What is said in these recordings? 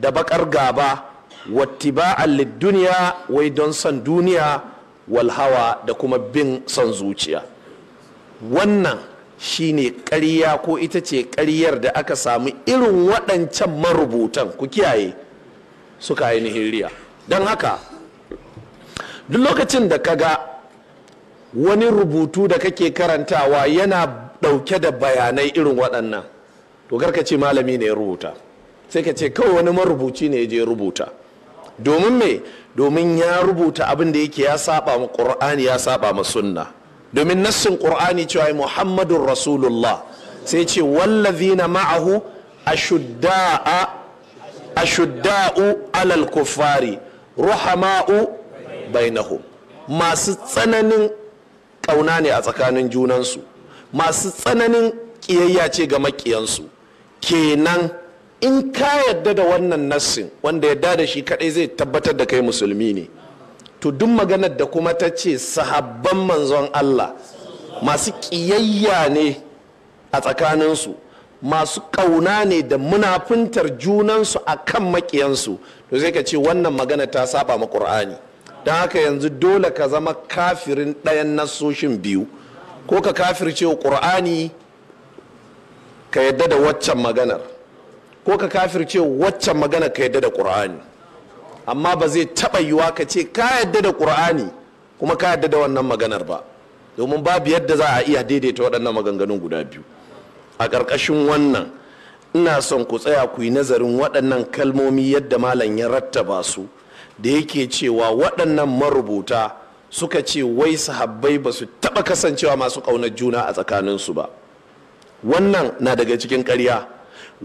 da bakar gaba wattiba'an duniya wai don son duniya walhawa da kuma bin son zuciya wannan shine ƙarya ko ita ce karyar da aka samu irin waɗancan marubutan ku kiyaye suka ainihin riya don haka duk lokacin da ka ga wani rubutu da kake karantawa yana ɗauke da bayanai irin waɗannan to garka ce malami ne ya rubuta sai ka ce kawai wani marubuci ne ya je rubuta domin me domin ya rubuta abin da yake ya saba ma qur'ani ya saba ma sunna domin nassin qur'ani cewa muhammadun rasulullah sai ce wallazina ma'ahu ashudda'a ashudda'u alal kuffari ruhama'u bainahum masu tsananin kauna ne a tsakanin junansu masu tsananin kiyayya ce ga makiyansu kenan in ka yadda da wannan nassin wanda yadda da shi kadai zai tabbatar da kai musulmi ne to duk maganar da kuma ta ce sahabban manzon Allah masu kiyayya ne a tsakaninsu masu ƙauna ne da munafuntar junansu a kan maƙiyansu to zai ka ce wannan magana ta saba ma ƙur'ani don haka yanzu dole ka zama kafirin ɗayan nasoshin biyu ko ka kafirce ƙur'ani ka yadda da waccan maganar ko ka kafirce waccan magana ka yadda da ƙur'ani amma ba zai taba yiwa ka ce ka yadda da ƙur'ani kuma ka yadda da wannan maganar ba domin babu yadda za a iya daidaita waɗannan maganganun guda biyu a ƙarƙashin wannan ina son ku tsaya ku yi nazarin waɗannan kalmomi yadda malam ya rattaba su da yake cewa waɗannan marubuta suka ce wai sahabbai ba su taɓa kasancewa masu ƙaunar juna a tsakaninsu ba wannan na daga cikin ƙarya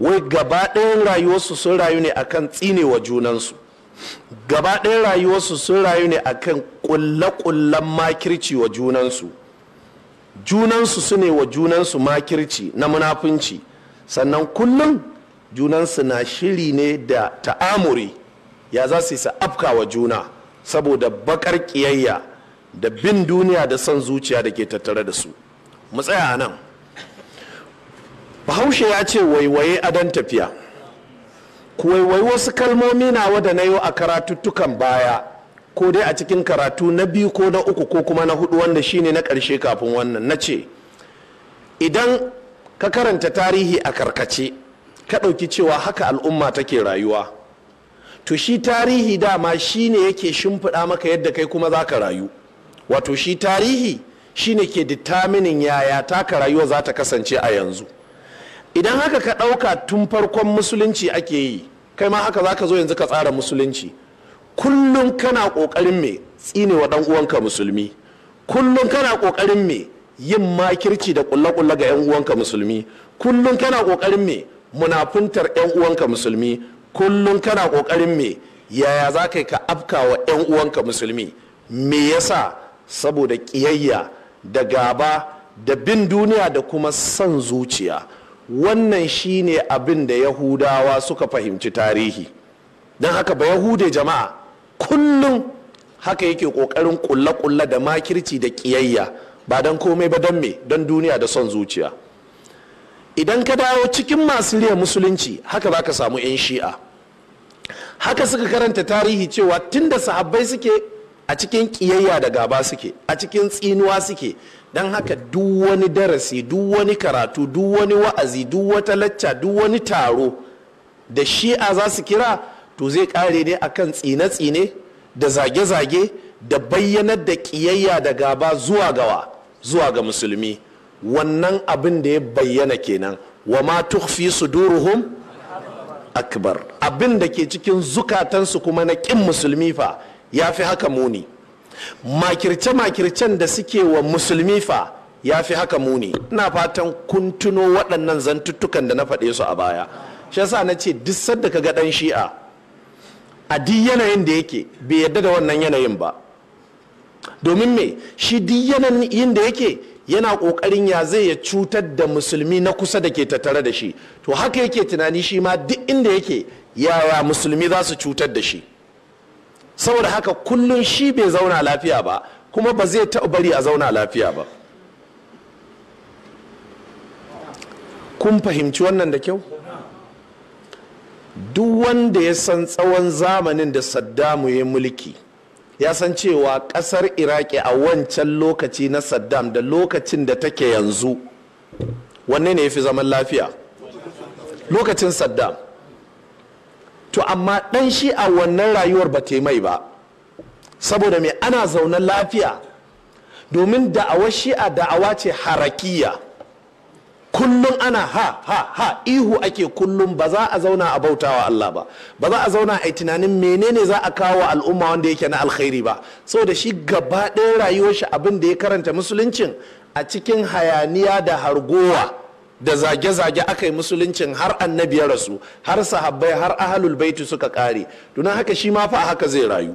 wai gaba ɗayan rayuwarsu sun rayu ne akan tsinewa junansu gaba ɗayan rayuwarsu sun rayu ne akan ƙulle-ƙullen makirci wa junansu junansu su ne wa junansu makirci na munafunci sannan kullum junansu na shiri ne da ta'amuri ya za su yi afka wa juna saboda bakar ƙiyayya da bin duniya da son zuciya da ke tattare da su mu tsaya a nan bahaushe ya ce waiwaye adon tafiya ku waiwayi wasu kalmomi na wada na yi a karatuttukan baya ko dai a cikin karatu na biyu ko na uku ko kuma na hudu wanda shine na karshe kafin wannan na ce idan ka karanta tarihi a karkace ka ɗauki cewa haka al'umma take rayuwa to shi tarihi dama shine yake shimfiɗa maka yadda kai kuma za ka rayu wato shi tarihi shine ke ditaminin yaya taka rayuwa za ta kasance a yanzu idan haka ka ɗauka tun farkon musulunci ake yi kai ma haka za ka zo yanzu ka tsara musulunci kullum kana ƙoƙarin me tsine wa ɗan uwanka musulmi kullum kana ƙoƙarin me yin makirci da ƙulle-ƙulle ga 'yan'uwanka uwanka musulmi kullum kana ƙoƙarin me munafuntar 'yan uwanka musulmi kullum kana ƙoƙarin me yaya za ka ka afka wa yanuwanka musulmi me yasa saboda ƙiyayya da gaba da bin duniya da kuma son zuciya wannan shine abin da yahudawa suka fahimci tarihi don haka ba yahude jama'a kullum haka yake ƙoƙarin kulle-kulle da makirci da ƙiyayya. ba don komai ba don me don duniya da son zuciya idan ka dawo cikin masu riya musulunci haka za ka samu 'yan shi'a haka suka karanta tarihi cewa tun da sahabbai suke a cikin ƙiyayya da gaba suke a cikin tsinuwa suke don haka duk wani darasi duk wani karatu duk wani wa'azi duk wata lacca duk wani taro da shi'a za su kira to zai kare ne akan tsine-tsine da zage-zage da bayyanar da ƙiyayya da gaba zuwa gawa zuwa ga musulmi wannan abin da ya bayyana kenan wa ma su duruhun akbar abin da ke cikin zukatansu kuma na ƙin musulmi fa ya fi haka muni makirce-makircen da suke wa musulmi fa ya fi haka muni ina fatan kun tuno waɗannan zantuttukan da na faɗe su a baya shi yasa na ce duk sadda ka ga ɗan shi'a a duk yanayin da yake bai yadda da wannan yanayin ba domin me shi duk yanayin da yake yana ƙoƙarin ya zai ya cutar da musulmi na kusa da ke tattare da shi to haka yake tunani shi ma duk inda yake yaya musulmi za su cutar da shi saboda haka kullum shi bai zauna lafiya ba kuma ba zai taɓa bari a zauna lafiya ba kun fahimci wannan da kyau duk wanda ya san tsawon zamanin da saddamu ya mulki ya san cewa kasar iraki a wancan lokaci na saddam da lokacin da take yanzu wanne ne ya fi zaman lafiya lokacin saddam to amma ɗan shi a wannan rayuwar ba ta mai ba saboda mai ana zaune lafiya domin da'awar shi'a da'awa ce harakiya kullum ana ha ha ha ihu ake kullum ba za a zauna a bautawa Allah ba ba za a zauna a yi tunanin menene za a kawo wa al'umma wanda yake na alkhairi ba saboda shi gaba ɗaya rayuwar shi abin da ya karanta musuluncin a cikin hayaniya da hargowa da zage-zage aka yi musuluncin har annabi ya rasu har sahabbai har ahalul baiti suka kare tunan haka shi ma fa haka zai rayu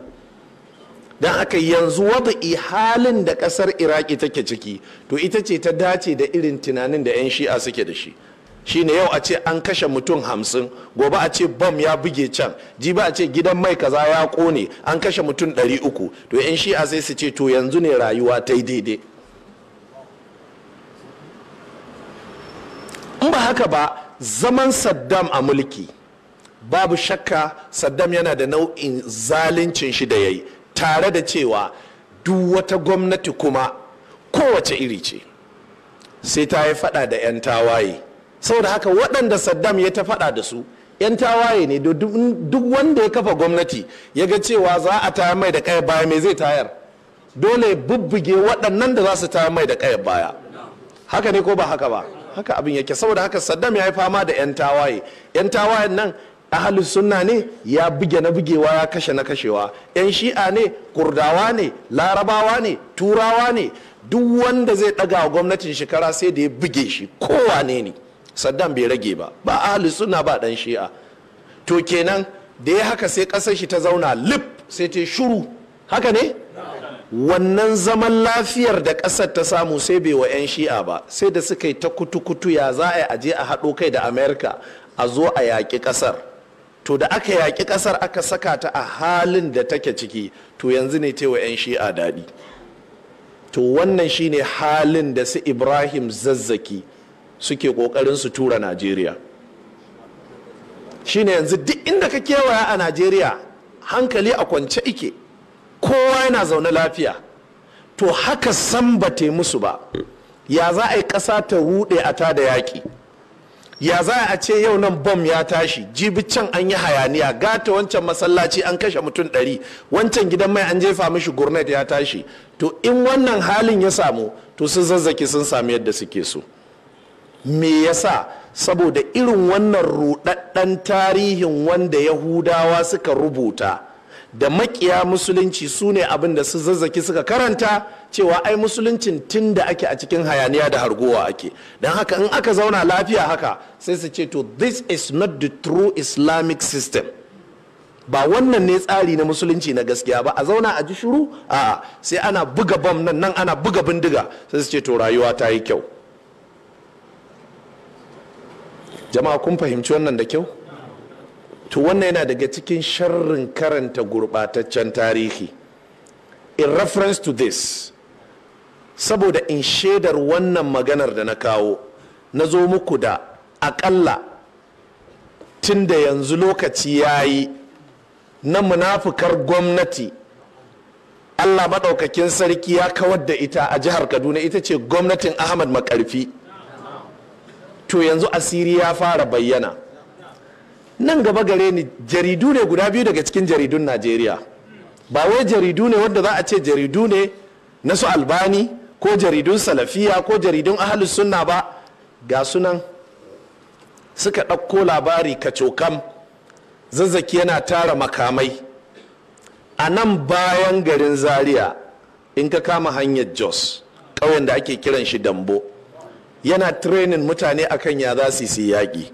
don haka yanzu wada'i halin da kasar iraki take ciki to ita ce ta dace da irin tunanin da 'yan shi'a suke da shi shine yau a ce an kashe mutum hamsin gobe a ce bam ya buge can ji ba a ce gidan mai kaza ya kone an kashe mutum 300 to 'yan shi'a sai su ce to yanzu ne rayuwa ta yi daidai in ba haka ba zaman saddam a mulki babu shakka saddam yana da nau'in zalincin shi da ya yi tare da cewa duk wata gwamnati kuma kowace iri ce sai ta yi fada da 'yan tawaye saboda haka waɗanda saddam ya ta fada da su 'yan tawaye ne duk wanda ya kafa gwamnati ya ga cewa za a tayar mai da kaya baya mai zai tayar dole bubbuge waɗannan da za su tayar mai da kaya baya haka ne ko ba haka ba haka abin yake saboda haka saddam ya yi fama da 'yan tawaye 'yan tawayen nan ahli sunna ne ya buge na bugewa ya kashe na kashewa 'yan shi'a ne kurdawa ne larabawa ne turawa ne duk wanda zai daga wa gwamnatin shekara sai da ya buge shi kowa ne ne. saddam bai rage ba ba ahli sunna ba dan shi'a to kenan da ya haka sai kasar shi ta zauna lip sai ta shuru haka ne wannan zaman lafiyar da ƙasar ta samu sai bai wa 'yan shi'a ba sai da suka yi ta kutu-kutu ya za a aje a haɗo kai da amerika a zo a yaƙi ƙasar to da aka yaƙi ƙasar aka saka ta a halin da take ciki to yanzu ne ta wa 'yan shi'a daɗi to wannan shine halin da su ibrahim zazzaki suke ƙoƙarin su tura najeriya shine yanzu duk inda ka kewaya a najeriya hankali a kwance ike kowa yana zaune lafiya to haka san ba musu ba ya za a yi ƙasa ta ruɗe a ta da yaƙi ya za a ce yau nan bom ya tashi jibi an yi hayaniya gata wancan masallaci an kashe mutum ɗari wancan gidan mai an jefa mishi gurnet ya tashi to in wannan halin ya samu to sun zazzaki sun sami yadda suke so me yasa saboda irin wannan ruɗaɗɗen tarihin wanda yahudawa suka rubuta da makiya musulunci su ne abin da su zazzaki suka karanta cewa ai musuluncin tun da ake a cikin hayaniya da hargowa ake don haka in aka zauna lafiya haka sai su ce to this is not the true islamic system ba wannan ne tsari na musulunci na gaskiya ba a zauna a ji shuru a sai ana buga bam nan nan ana buga bindiga sai su ce to rayuwa ta yi kyau jama'a kun fahimci wannan da kyau to wannan yana daga cikin sharrin karanta gurbataccen tarihi in reference to this saboda in shaidar wannan maganar da na kawo na zo muku da akalla tun da yanzu lokaci ya yi na munafukar gwamnati allah maɗaukakin sarki ya kawar da ita a jihar kaduna ita ce gwamnatin ahmad makarfi to yanzu asiri ya fara bayyana nan gaba gare ni jaridu ne guda biyu daga cikin jaridun najeriya ba wai jaridu ne wanda za a ce jaridu ne na su albani ko jaridun salafiya ko jaridun ahalus sunna ba ga sunan suka ɗauko labari ka kacokam zazzaki yana tara makamai a nan bayan garin zaria in ka kama hanyar jos ƙauyen da ake kiran shi dambo yana trenin mutane akan ya za su yi yaƙi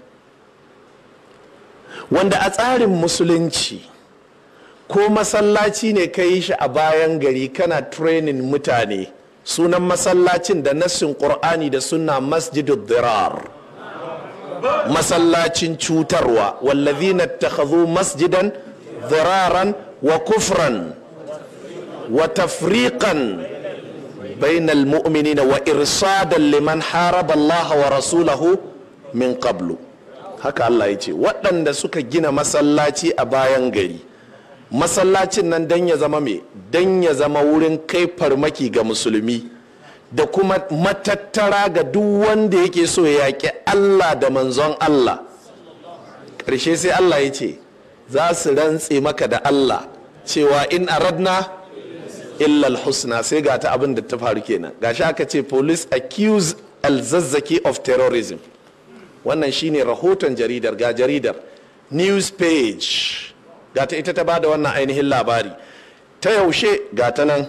wanda a tsarin musulunci ko masallaci ne ka yi shi a bayan gari kana training mutane sunan masallacin da nassin ƙur'ani da suna masjidul dirar masallacin cutarwa wallazina takhadhu masjidan diraran wa kufran wa tafriqan bainal mu'minina wa irsadan liman haraba Allah wa rasulahu min qablu haka Allah ya ce waɗanda suka gina masallaci a bayan gari masallacin nan dan ya zama mai dan ya zama wurin kai farmaki ga musulmi da kuma matattara ga duk wanda yake so ya yaƙi Allah da manzon Allah ƙarshe sai Allah ya ce za su rantse maka da Allah cewa in a aradna illal husna sai ga ta abin da ta faru kenan gashi aka ce police accuse alzazzaki of terrorism wannan shine rahoton jaridar ga jaridar news page ga ta ita ta bada wannan ainihin labari ta yaushe ga ta nan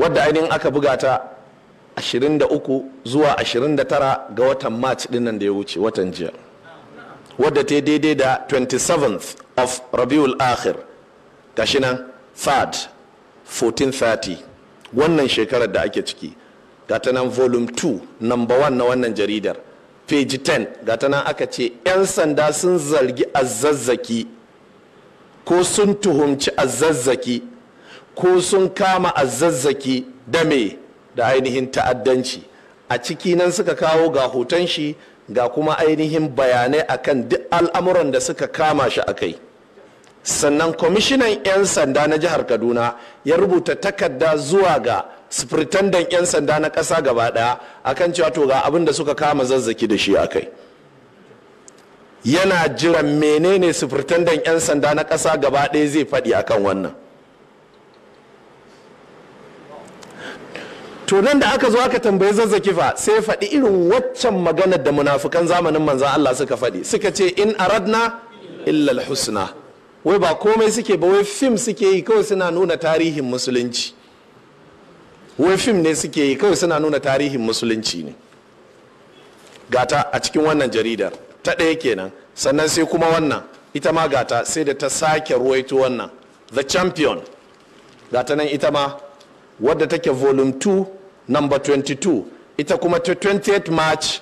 wadda ainihin aka buga ta 23 zuwa 29 ga watan march dinnan da ya wuce watan jiya wadda ta daidai da 27th of rabiul akhir gashi nan 3rd 1430 wannan shekarar da ake ciki ta nan volume 2 number 1 na wannan jaridar page 10 ta nan aka ce 'yan sanda sun zargi azazzaki ko sun tuhumci azazzaki ko sun kama azazzaki da me da ainihin ta'addanci a ciki nan suka kawo ga hoton shi ga kuma ainihin bayanai akan duk al'amuran da suka kama shi a kai sannan kwamishinan 'yan sanda na jihar kaduna ya rubuta takarda zuwa ga sufritandan 'yan sanda na ƙasa gaba ɗaya a kan cewa to ga abin da suka kama zazzaki da shi akai yana jiran menene sufritandan 'yan sanda na ƙasa gaba ɗaya zai faɗi a kan wannan to nan da aka zo aka tambayi zazzaki fa sai faɗi irin waccan maganar da munafukan zamanin manzan Allah suka faɗi suka ce in aradna illal husna wai ba komai suke ba wai fim suke yi kawai suna nuna tarihin musulunci wai fim ne suke yi kawai suna nuna tarihin musulunci ne gata a cikin wannan jaridar ta ɗaya kenan sannan sai kuma wannan ita ma gata sai da ta sake ruwaito wannan the champion gata nan ita ma wadda take volume 2 number 22 ita kuma ta 28 march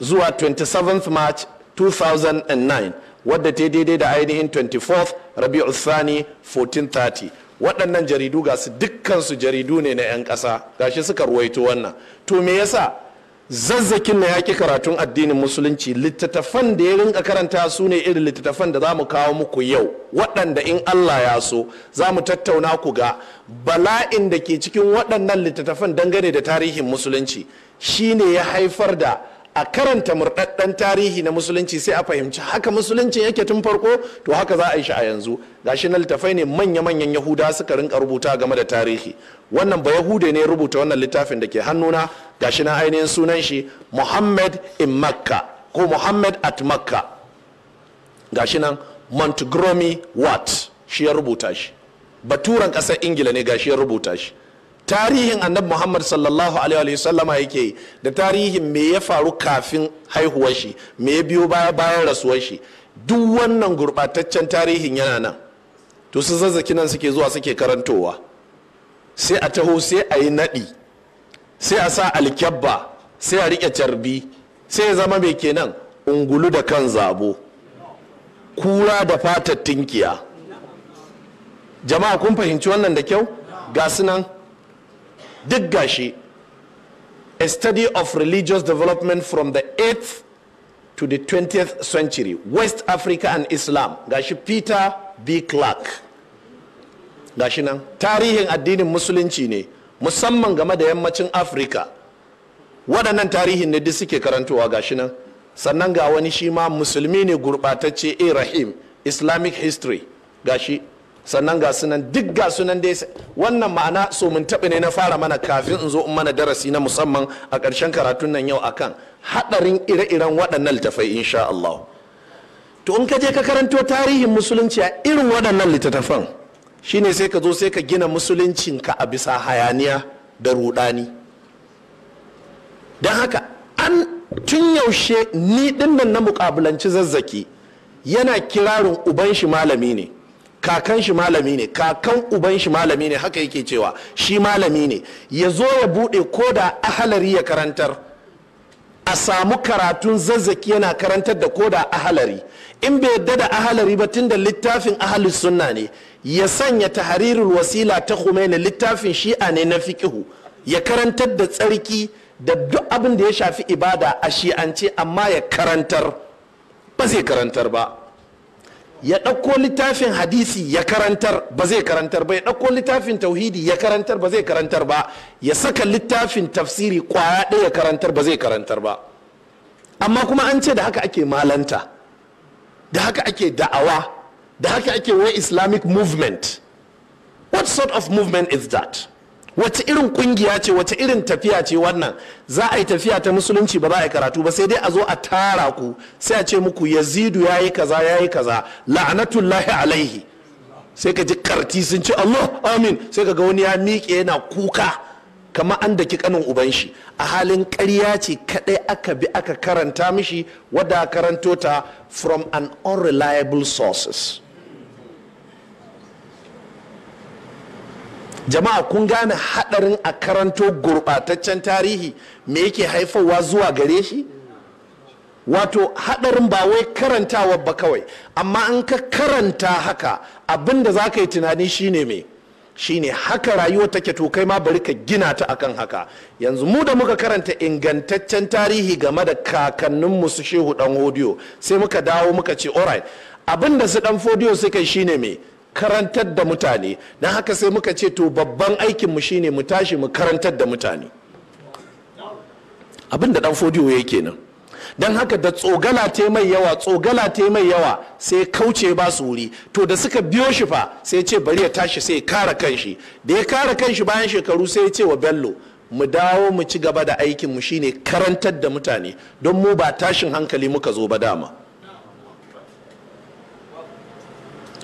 zuwa 27th march 2009 wadda ta daidai da ainihin 24th rabi'u thani 1430 waɗannan jaridu ga su dukkansu jaridu ne na 'yan ƙasa shi suka ruwaito wannan to me yasa zazzakin na yaƙi karatun addinin musulunci littattafan da ya rinka karanta su ne irin littattafan da za mu kawo muku yau waɗanda in allah ya so za mu tattauna ku ga bala'in da ke cikin waɗannan littattafan dangane da tarihin musulunci shine ya haifar da a karanta murɗaɗɗen tarihi na musulunci sai a fahimci haka musulunci yake tun farko to haka za a yi shi a yanzu gashi na littafai ne manya-manyan yahuda suka rinka rubuta game da tarihi wannan ba yahude ne rubuta wannan littafin da ke hannuna gashi na ainihin sunan shi muhammad in makka ko muhammad at makka gashi nan montgomery watt shi ya rubuta shi baturan ƙasar ingila ne gashi ya rubuta shi tarihin annabi muhammad sallallahu alaihi wasallama yake da tarihin me ya faru kafin haihuwar shi me ya biyo baya bayan rasuwar shi duk wannan gurbataccen tarihin yana nan to su zazzaki nan suke zuwa suke karantowa sai a taho sai a yi naɗi sai a sa alkyabba sai a riƙe carbi sai ya zama mai kenan ungulu da kan zabo kura da fatar tinkiya jama'a kun fahimci wannan da kyau ga sunan. duk gashi a study of religious development from the 8th to the 20th century west africa and islam gashi peter b clark gashi nan tarihin addinin musulunci ne musamman game da yammacin afirka waɗannan tarihin ne duk suke karantowa gashi nan sannan ga wani shi ma musulmi ne gurɓatacce irahim islamic history gashi sannan ga sunan duk ga sunan dai wannan ma'ana so mun taɓa ne na fara mana kafin in zo in mana darasi na musamman a ƙarshen karatun nan yau akan haɗarin ire-iren waɗannan littafai insha Allah to in ka je ka karanto tarihin musulunci a irin waɗannan littattafan shine sai ka zo sai ka gina musuluncinka a bisa hayaniya da ruɗani don haka an tun yaushe ni ɗin nan na muƙabulanci zazzaki yana kirarin uban shi malami ne kakan shi malami ne kakan uban shi malami ne haka yake cewa shi malami ne ya zo ya bude ko da ahalari ya karantar a samu karatun zazzaki yana karantar da ko da ahalari in bai yadda da ahalari ba tun da littafin ahali sunna ne ya sanya tahrirul wasila ta Khomeini littafin shi'a ne na fikihu ya karantar da tsarki da duk abin da ya shafi ibada a shi'ance amma ya karantar ba zai karantar ba ya ɗauko littafin hadisi ya karantar ba zai karantar ba ya ɗauko littafin tauhidi ya karantar ba zai karantar ba ya saka littafin tafsiri kwaya ɗaya ya karantar ba zai karantar ba amma kuma an ce da haka ake malanta da haka ake da'awa da haka ake wai islamic movement what sort of movement is that wace irin kungiya ce wace irin tafiya ce wannan za a yi tafiya ta musulunci ba za a yi karatu ba sai dai a zo a tara ku sai a ce muku yazidu ya yi kaza ya yi kaza la'anatullahi alaihi sai ka ji karti sun ce allah amin sai ka ga wani ya miƙe yana kuka kamar an daki kanin uban shi a halin ƙarya ce kaɗai aka bi aka karanta mishi wadda karanto ta from an unreliable sources jama'a kun gane haɗarin a karanto gurbataccen tarihi me yake haifarwa zuwa gare shi wato haɗarin ba wai karantawa ba kawai amma an ka karanta haka abinda za ka yi tunani shine me shine haka rayuwa take to kai ma bari ka gina ta akan haka yanzu mu da muka karanta ingantaccen tarihi game da kakanninmu su shehu dan hodiyo sai muka dawo muka ce alright abinda su dan fodiyo suka shine me karantar da mutane na haka sai muka ce to babban aikinmu shine mu tashi mu karantar da mutane abin da dan fodiyo ya kenan don haka da tsogala ta mai yawa tsogala ta mai yawa sai kauce ba su wuri to da suka biyo shi fa sai ce bari ya tashi sai kara kanshi da ya kara kanshi bayan shekaru sai ya ce wa bello mu dawo mu ci gaba da aikinmu shine karantar da mutane don mu ba tashin hankali muka zo ba dama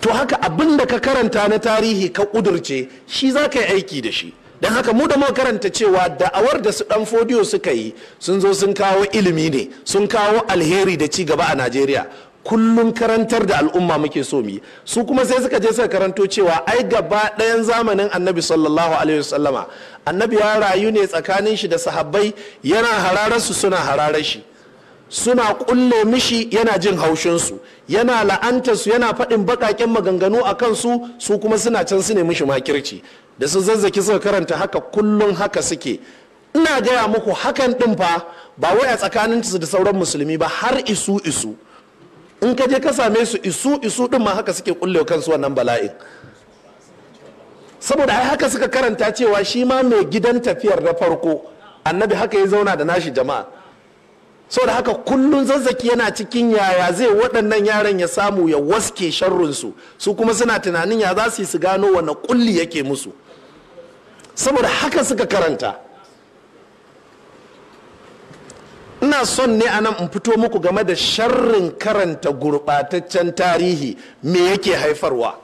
to haka abin da ka karanta na tarihi ka kudurce shi za ka yi aiki da shi don haka mu da muka karanta cewa da'awar da su dan fodiyo suka yi sun zo sun kawo ilimi ne sun kawo alheri da ci gaba a najeriya kullum karantar da al'umma muke so mu su kuma sai suka je suka karanto cewa ai gaba ɗayan zamanin annabi sallallahu alaihi wasallama annabi ya rayu ne tsakanin shi da sahabbai yana hararar su suna hararar shi suna kulle mishi yana jin haushinsu yana la'antarsu yana faɗin baƙaƙen maganganu a kansu su kuma suna can su ne mishi makirci da su zazzaki suka karanta haka kullum haka suke ina gaya muku hakan ɗin fa ba wai a tsakanin su da sauran musulmi ba har isu isu in ka je ka same su isu isu ɗin ma haka suke kulle kansu wannan bala'in saboda ai haka suka karanta cewa shi ma mai gidan tafiyar na farko annabi haka ya zauna da nashi jama'a sau da haka kullun zazzaki yana cikin yaya zai waɗannan yaran ya samu ya waske sharrunsu su kuma suna tunanin ya za su yi su gano wane kulli yake musu saboda haka suka karanta ina son ne anan in fito muku game da sharrin karanta gurɓataccen tarihi me yake haifarwa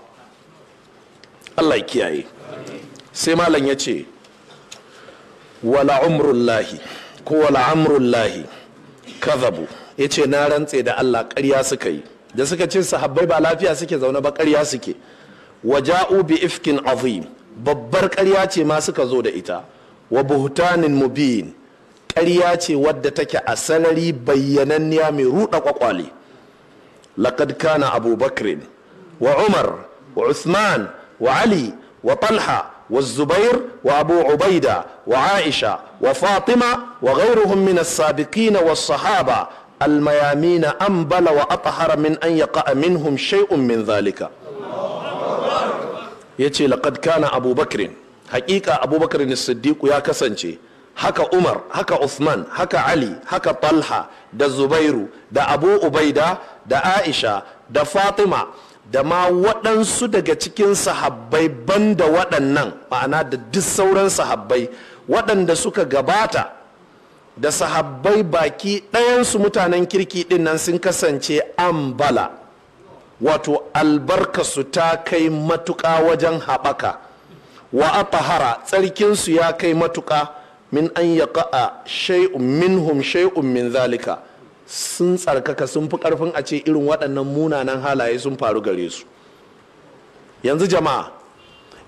allah kiyaye sai malam ya ce wala umrullahi ko wala amrullahi kadhabu yace na rantse da Allah karya suka yi da suka ce sahabbai ba lafiya suke zaune ba karya suke waja'u bi ifkin azim babbar karya ce ma suka zo da ita wa buhutanin mubin karya ce wadda take a sarari bayyananniya mai ruɗa kwakwale laqad kana abubakar wa umar wa usman wa ali wa talha والزبير وأبو عبيدة وعائشة وفاطمة وغيرهم من السابقين والصحابة الميامين أنبل وأطهر من أن يقع منهم شيء من ذلك يتي لقد كان أبو بكر حقيقة أبو بكر الصديق يا كسنشي haka umar haka usman haka ali haka talha da zubairu da abu ubaida da aisha da fatima da ma waɗansu daga cikin sahabbai ban da waɗannan ma'ana da duk sauran sahabbai waɗanda suka gabata da sahabbai baki ɗayansu mutanen kirki ɗin nan sun kasance ambala bala wato albarkasu ta kai matuƙa wajen haɓaka wa atahara tsarkinsu ya kai matuƙa min an yaƙa'a shay'un minhum shay'un min zalika sun tsarkaka sun fi karfin a ce irin waɗannan munanan halaye sun faru gare su yanzu jama'a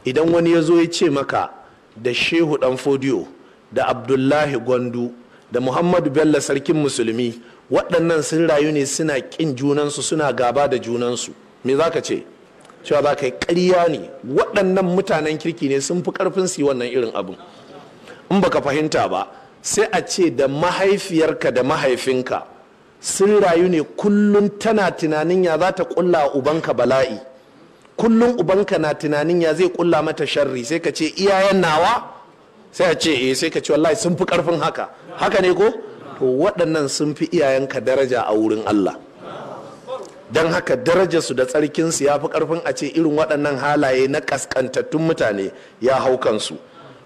idan wani ya zo ya ce maka da shehu ɗan fodiyo da abdullahi gwandu da muhammadu bello sarkin musulmi waɗannan sun rayu ne suna ƙin junansu suna gaba da junansu me za ka ce cewa za ka ƙarya ne waɗannan mutanen kirki ne sun fi ƙarfin su wannan irin abin in baka fahimta ba sai a ce da mahaifiyarka da mahaifinka sun rayu ne kullum tana tunanin ya za ta kulla ubanka bala'i kullum ubanka na tunanin ya zai kulla mata sharri sai ka ce iyayen nawa sai a ce eh sai ka ce wallahi sun fi karfin haka haka ne ko to waɗannan sun fi iyayenka daraja a wurin Allah dan haka su da tsarkin su ya fi karfin a ce irin waɗannan halaye na kaskantattun mutane ya hau kansu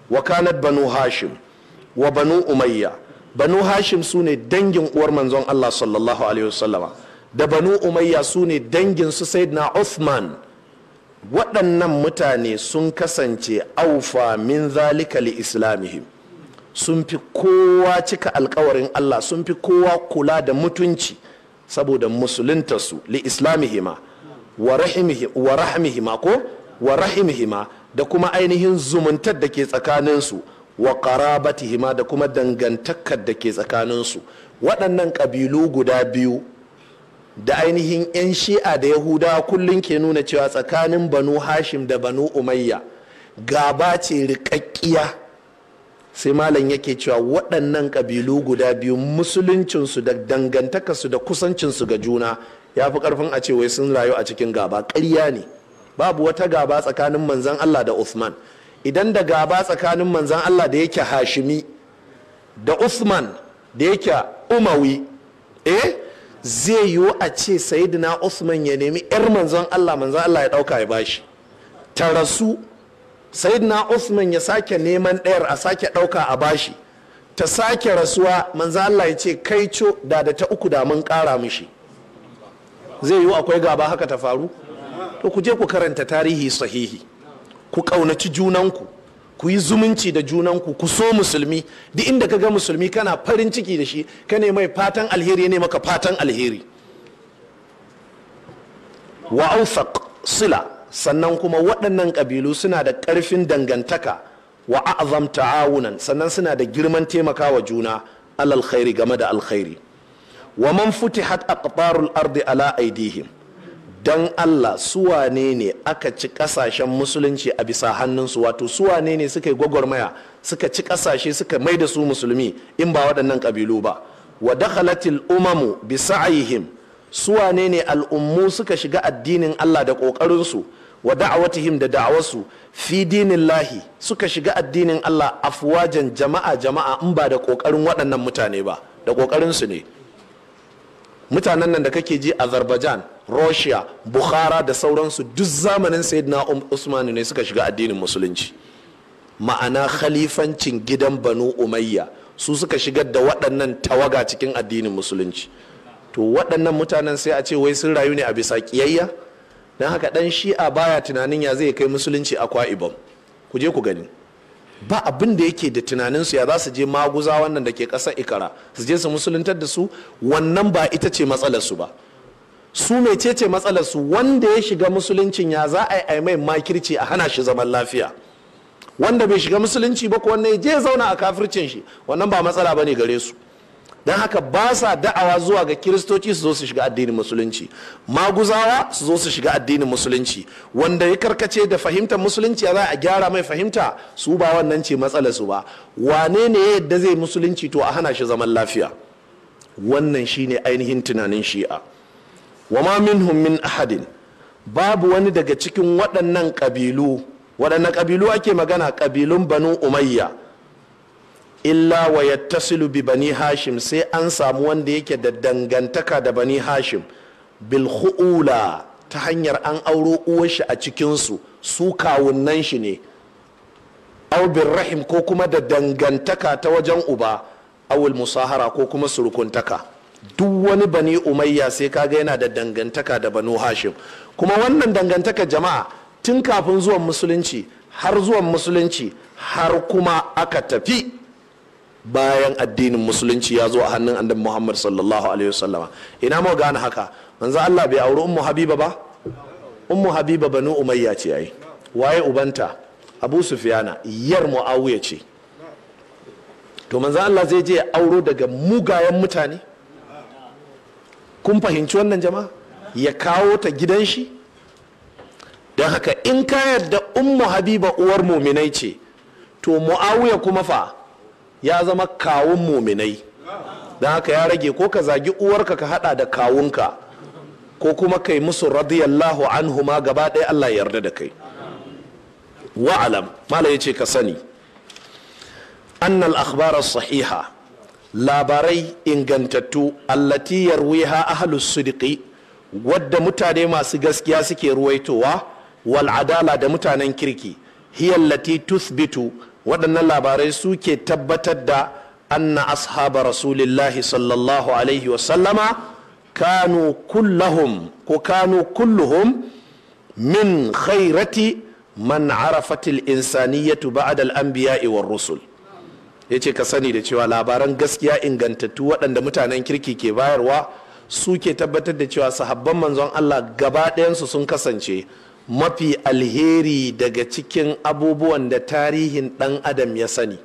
wa kanat banu hashim wa banu umayya banu hashim su ne dangin uwar manzon allah sallallahu alaihi wasallama da banu umayya su ne dangin su sayyidina uthman waɗannan mutane sun kasance aufa min zalika li islamihim sun fi kowa cika alkawarin allah sun fi kowa kula da mutunci saboda musuluntarsu li islamihima wa rahimihima ko wa rahimihima da kuma ainihin zumuntar da ke tsakaninsu wa qarabatihima da kuma dangantakar da ke tsakaninsu waɗannan ƙabilu guda biyu da ainihin 'yan shi'a da yahudawa kullum ke nuna cewa tsakanin banu hashim da banu umayya gaba ce rikakkiya sai malam yake cewa waɗannan ƙabilu guda biyu musuluncinsu da dangantakarsu da kusancinsu ga juna ya fi ƙarfin a ce wai sun rayu a cikin gaba ƙarya ne babu wata gaba tsakanin manzan allah da usman idan da gaba tsakanin manzan Allah da yake hashimi da Usman da yake umawi eh zai yiwu a ce sayidina Usman ya nemi 'yar manzan Allah manzan Allah ya ɗauka ya bashi ta rasu sayidina Usman ya sake neman ɗayar a sake ɗauka a bashi ta sake rasuwa manza Allah ya ce kai co da da ta uku da mun kara mishi zai yiwu akwai gaba haka ta faru to ku je ku karanta tarihi sahihi ku ƙaunaci junanku ku yi zumunci da junanku ku so musulmi duk inda ka ga musulmi kana farin ciki da shi ka ne mai fatan alheri ne maka fatan alheri wa aufaq sila sannan kuma waɗannan ƙabilu suna da ƙarfin dangantaka wa a'zam ta'awunan sannan suna da girman taimakawa juna alal khairi game da alkhairi wa man futihat aqtarul ardi ala aidihim dan allah suwane ne aka ci kasashen musulunci a bisa hannunsu wato suwane ne suka yi gwagwarmaya suka ci kasashe suka mai da su musulmi in ba waɗannan ƙabilu ba wa dakhalatil umamu bi sa'ihim suwane ne al'ummu suka shiga addinin allah da ƙoƙarinsu wa da'awatihim da da'awarsu fi dinin lahi suka shiga addinin allah afwajan jama'a jama'a in ba da ƙoƙarin waɗannan mutane ba da ƙoƙarinsu ne mutanen nan da kake ji azerbaijan russia bukhara da sauransu duk zamanin sayyidina um, usman ne suka shiga addinin musulunci ma'ana khalifancin gidan banu umayya su suka shigar da waɗannan tawaga cikin addinin musulunci to waɗannan mutanen sai a ce wai sun rayu ne a bisa kiyayya don haka ɗan shi'a baya tunanin ya zai kai musulunci a kwa'ibam ku je ku gani ba abin da yake da tunanin su ya za su je maguza wannan da ke ƙasar ikara su je su musuluntar da su wannan ba ita ce matsalar su ba su mecece matsalar su wanda ya shiga musuluncin ya za a yi mai makirci a hana shi zaman lafiya wanda bai shiga musulunci ba ko ya je zauna a kafircin shi wannan ba matsala ne gare su don haka ba sa da'awa zuwa ga kiristoci su zo su shiga addinin musulunci maguzawa su zo su shiga addinin musulunci wanda ya karkace da fahimtar musulunci za a gyara mai fahimta su ba wannan ce matsalarsu ba wane ne yadda zai musulunci to a hana shi zaman lafiya wannan shi ne ainihin tunanin shi'a wa ma minhum min ahadin babu wani daga cikin waɗannan ƙabilu waɗannan ƙabilu ake magana ƙabilun banu umayya illa wa yattasilu bi bani hashim sai an samu wanda yake da dangantaka da bani hashim bil ta hanyar an auro uwar shi a cikinsu su kawunnan shi ne aw rahim ko kuma da dangantaka ta wajen uba awul musahara ko kuma surukuntaka duk wani bani umayya sai kaga yana da dangantaka da banu hashim kuma wannan dangantaka jama'a tun kafin zuwan musulunci har zuwan musulunci har kuma aka tafi bayan addinin musulunci ya zo a hannun annabi muhammad sallallahu alaihi wasallama ina mu gane haka manzo allah bai auri ummu habiba ba ummu habiba banu umayya ce ai waye ubanta abu sufiyana yar muawiya ce to manzo allah zai je ya auro daga mugayen mutane kun fahimci wannan jama'a ya kawo ta gidan shi don haka in ka yarda ummu habiba uwar muminai ce to muawiya kuma fa ya zama kawun muminai don haka ya rage ko ka zagi uwarka ka hada da kawunka ko kuma kai musu radiyallahu anhuma gaba ɗaya Allah ya yarda da kai wa'alam mala ya ce ka sani annal akhbara sahiha labarai ingantattu allati yarwiha ahlus sidqi wadda mutane masu gaskiya suke ruwaitowa Wal'adala da mutanen kirki hiya allati tuthbitu waɗannan labarai suke tabbatar da anna ashaba rasulillahi sallallahu alaihi wasallama kanu kullahum ko kanu kulluhum min khairati man arafatil insaniyatu ba'da an biya iwar rusul yace ka sani da cewa labaran gaskiya ingantattu waɗanda mutanen kirki ke bayarwa suke tabbatar da cewa sahabban manzon Allah gaba ɗayansu sun kasance mafi alheri daga cikin abubuwan da tarihin ɗan adam ya sani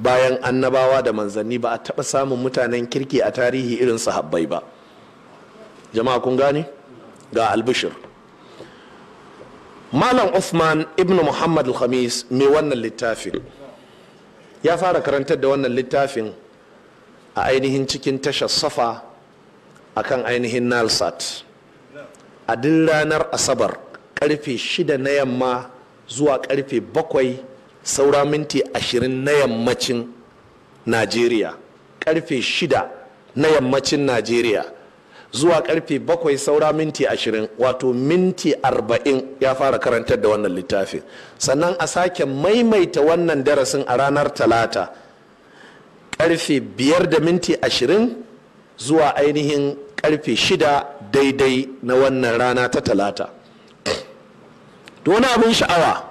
bayan annabawa da manzanni ba a taɓa samun mutanen kirki a tarihi irin su sahabbai ba jama'a kun gane ga albishir malam Uthman ibn muhammad al-khamis mai wannan littafin ya fara karantar da wannan littafin a ainihin cikin tashar safa akan ainihin nalsat a din ranar asabar karfe shida na yamma zuwa karfe bakwai saura minti ashirin na yammacin najeriya karfe shida na yammacin najeriya zuwa karfe bakwai saura minti ashirin wato minti arba'in ya fara karantar da wannan littafin sannan a sake maimaita wannan darasin a ranar talata karfe biyar da minti ashirin zuwa ainihin karfe shida daidai na wannan rana ta talata to wani abin sha'awa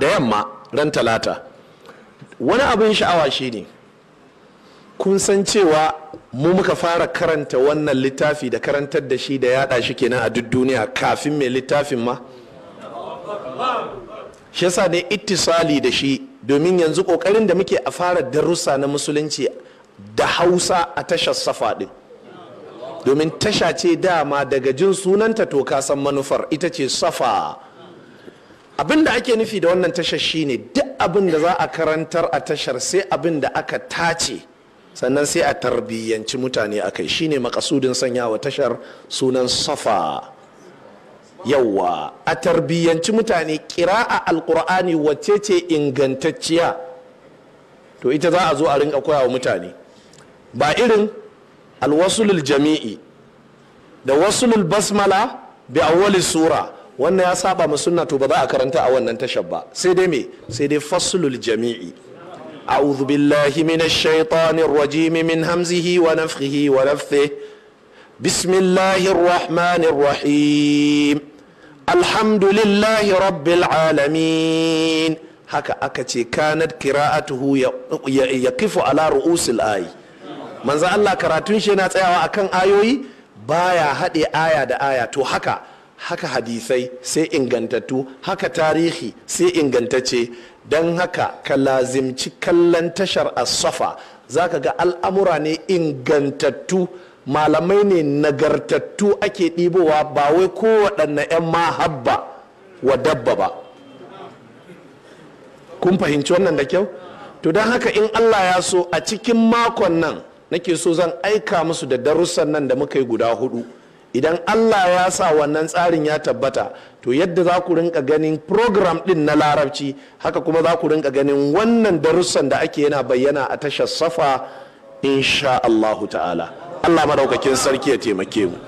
da yamma ran talata wani abin sha'awa shine kun san cewa mu muka fara karanta wannan littafi da karantar da shi da yada shi kenan a duk duniya kafin mai littafin ma shi yasa ne ittisali da shi domin yanzu kokarin da muke a fara darussa na musulunci da hausa a tashar safa din domin tasha ce dama daga jin sunanta to ka san manufar ita ce safa abin da ake nufi da wannan tashar shine duk abin da za a karantar a tashar sai abin da aka tace sannan sai a tarbiyyanci mutane a kai shine makasudin wa tashar sunan safa yawwa a tarbiyyanci mutane kira'a alkur'ani wacce ce ingantacciya to ita za a zo a rinka koya wa mutane ba irin alwasulul jami'i da wasulul basmala bi awwali sura wannan ya saba ma sunna to za a karanta a wannan tashar ba sai dai me sai dai faslul jami'i a'udhu billahi minash shaitanir rajim min hamzihi wa nafthihi wa nafthihi bismillahir rahmanir rahim alhamdulillahi rabbil alamin haka aka ce kanat qira'atuhu yaqifu ala ru'usil ayi manzo Allah karatun shi yana tsayawa kan ayoyi baya haɗe aya da aya to haka haka hadisai sai ingantattu haka tarihi sai ingantacce don haka ka lazimci kallon tashar asafa za ka ga al'amura ne ingantattu malamai ne nagartattu ake ɗibowa ba wai kowaɗanne 'yan mahabba wa dabba ba kun fahimci wannan da kyau to don haka in allah ya so a cikin makon nan nake so zan aika musu da darussan nan da muka yi guda hudu idan allah ya sa wannan tsarin ya tabbata to yadda za ku rinka ganin program din na larabci haka kuma za ku rinka ganin wannan darussan da ake yana bayyana a tashar safa insha allahu ta'ala allah madaukakin sarki ya taimake mu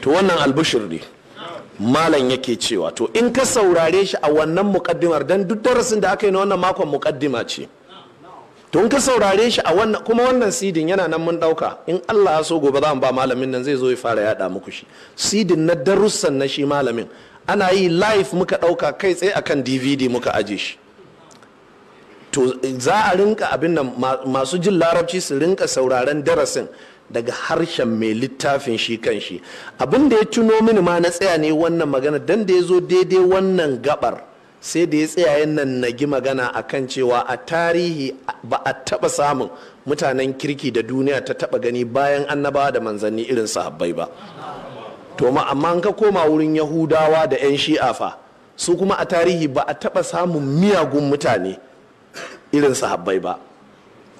to wannan albushir ne malam yake cewa to in ka saurare shi a wannan mukaddimar don duk darasin da aka yi na wannan makon mukaddima ce don ka saurare shi a wannan kuma wannan sidin yana nan mun dauka in Allah ya so gobe za mu ba malamin nan zai zo ya fara yada muku shi sidin na darussan na shi malamin ana yi live muka dauka kai tsaye akan DVD muka aje shi to za a rinka abin nan masu jin larabci su rinka sauraren darasin daga harshen mai littafin shi kan shi abin da ya tuno mini ma na tsaya ne wannan magana dan da ya zo daidai wannan gabar sai da ya tsaya nan gi magana a kan cewa a tarihi ba a taba samun mutanen kirki da duniya ta taba gani bayan annabawa da manzanni irin sahabbai ba to ma amma ka koma wurin yahudawa da 'yan shi'a fa su kuma a tarihi ba a taba samun miyagun mutane irin sahabbai ba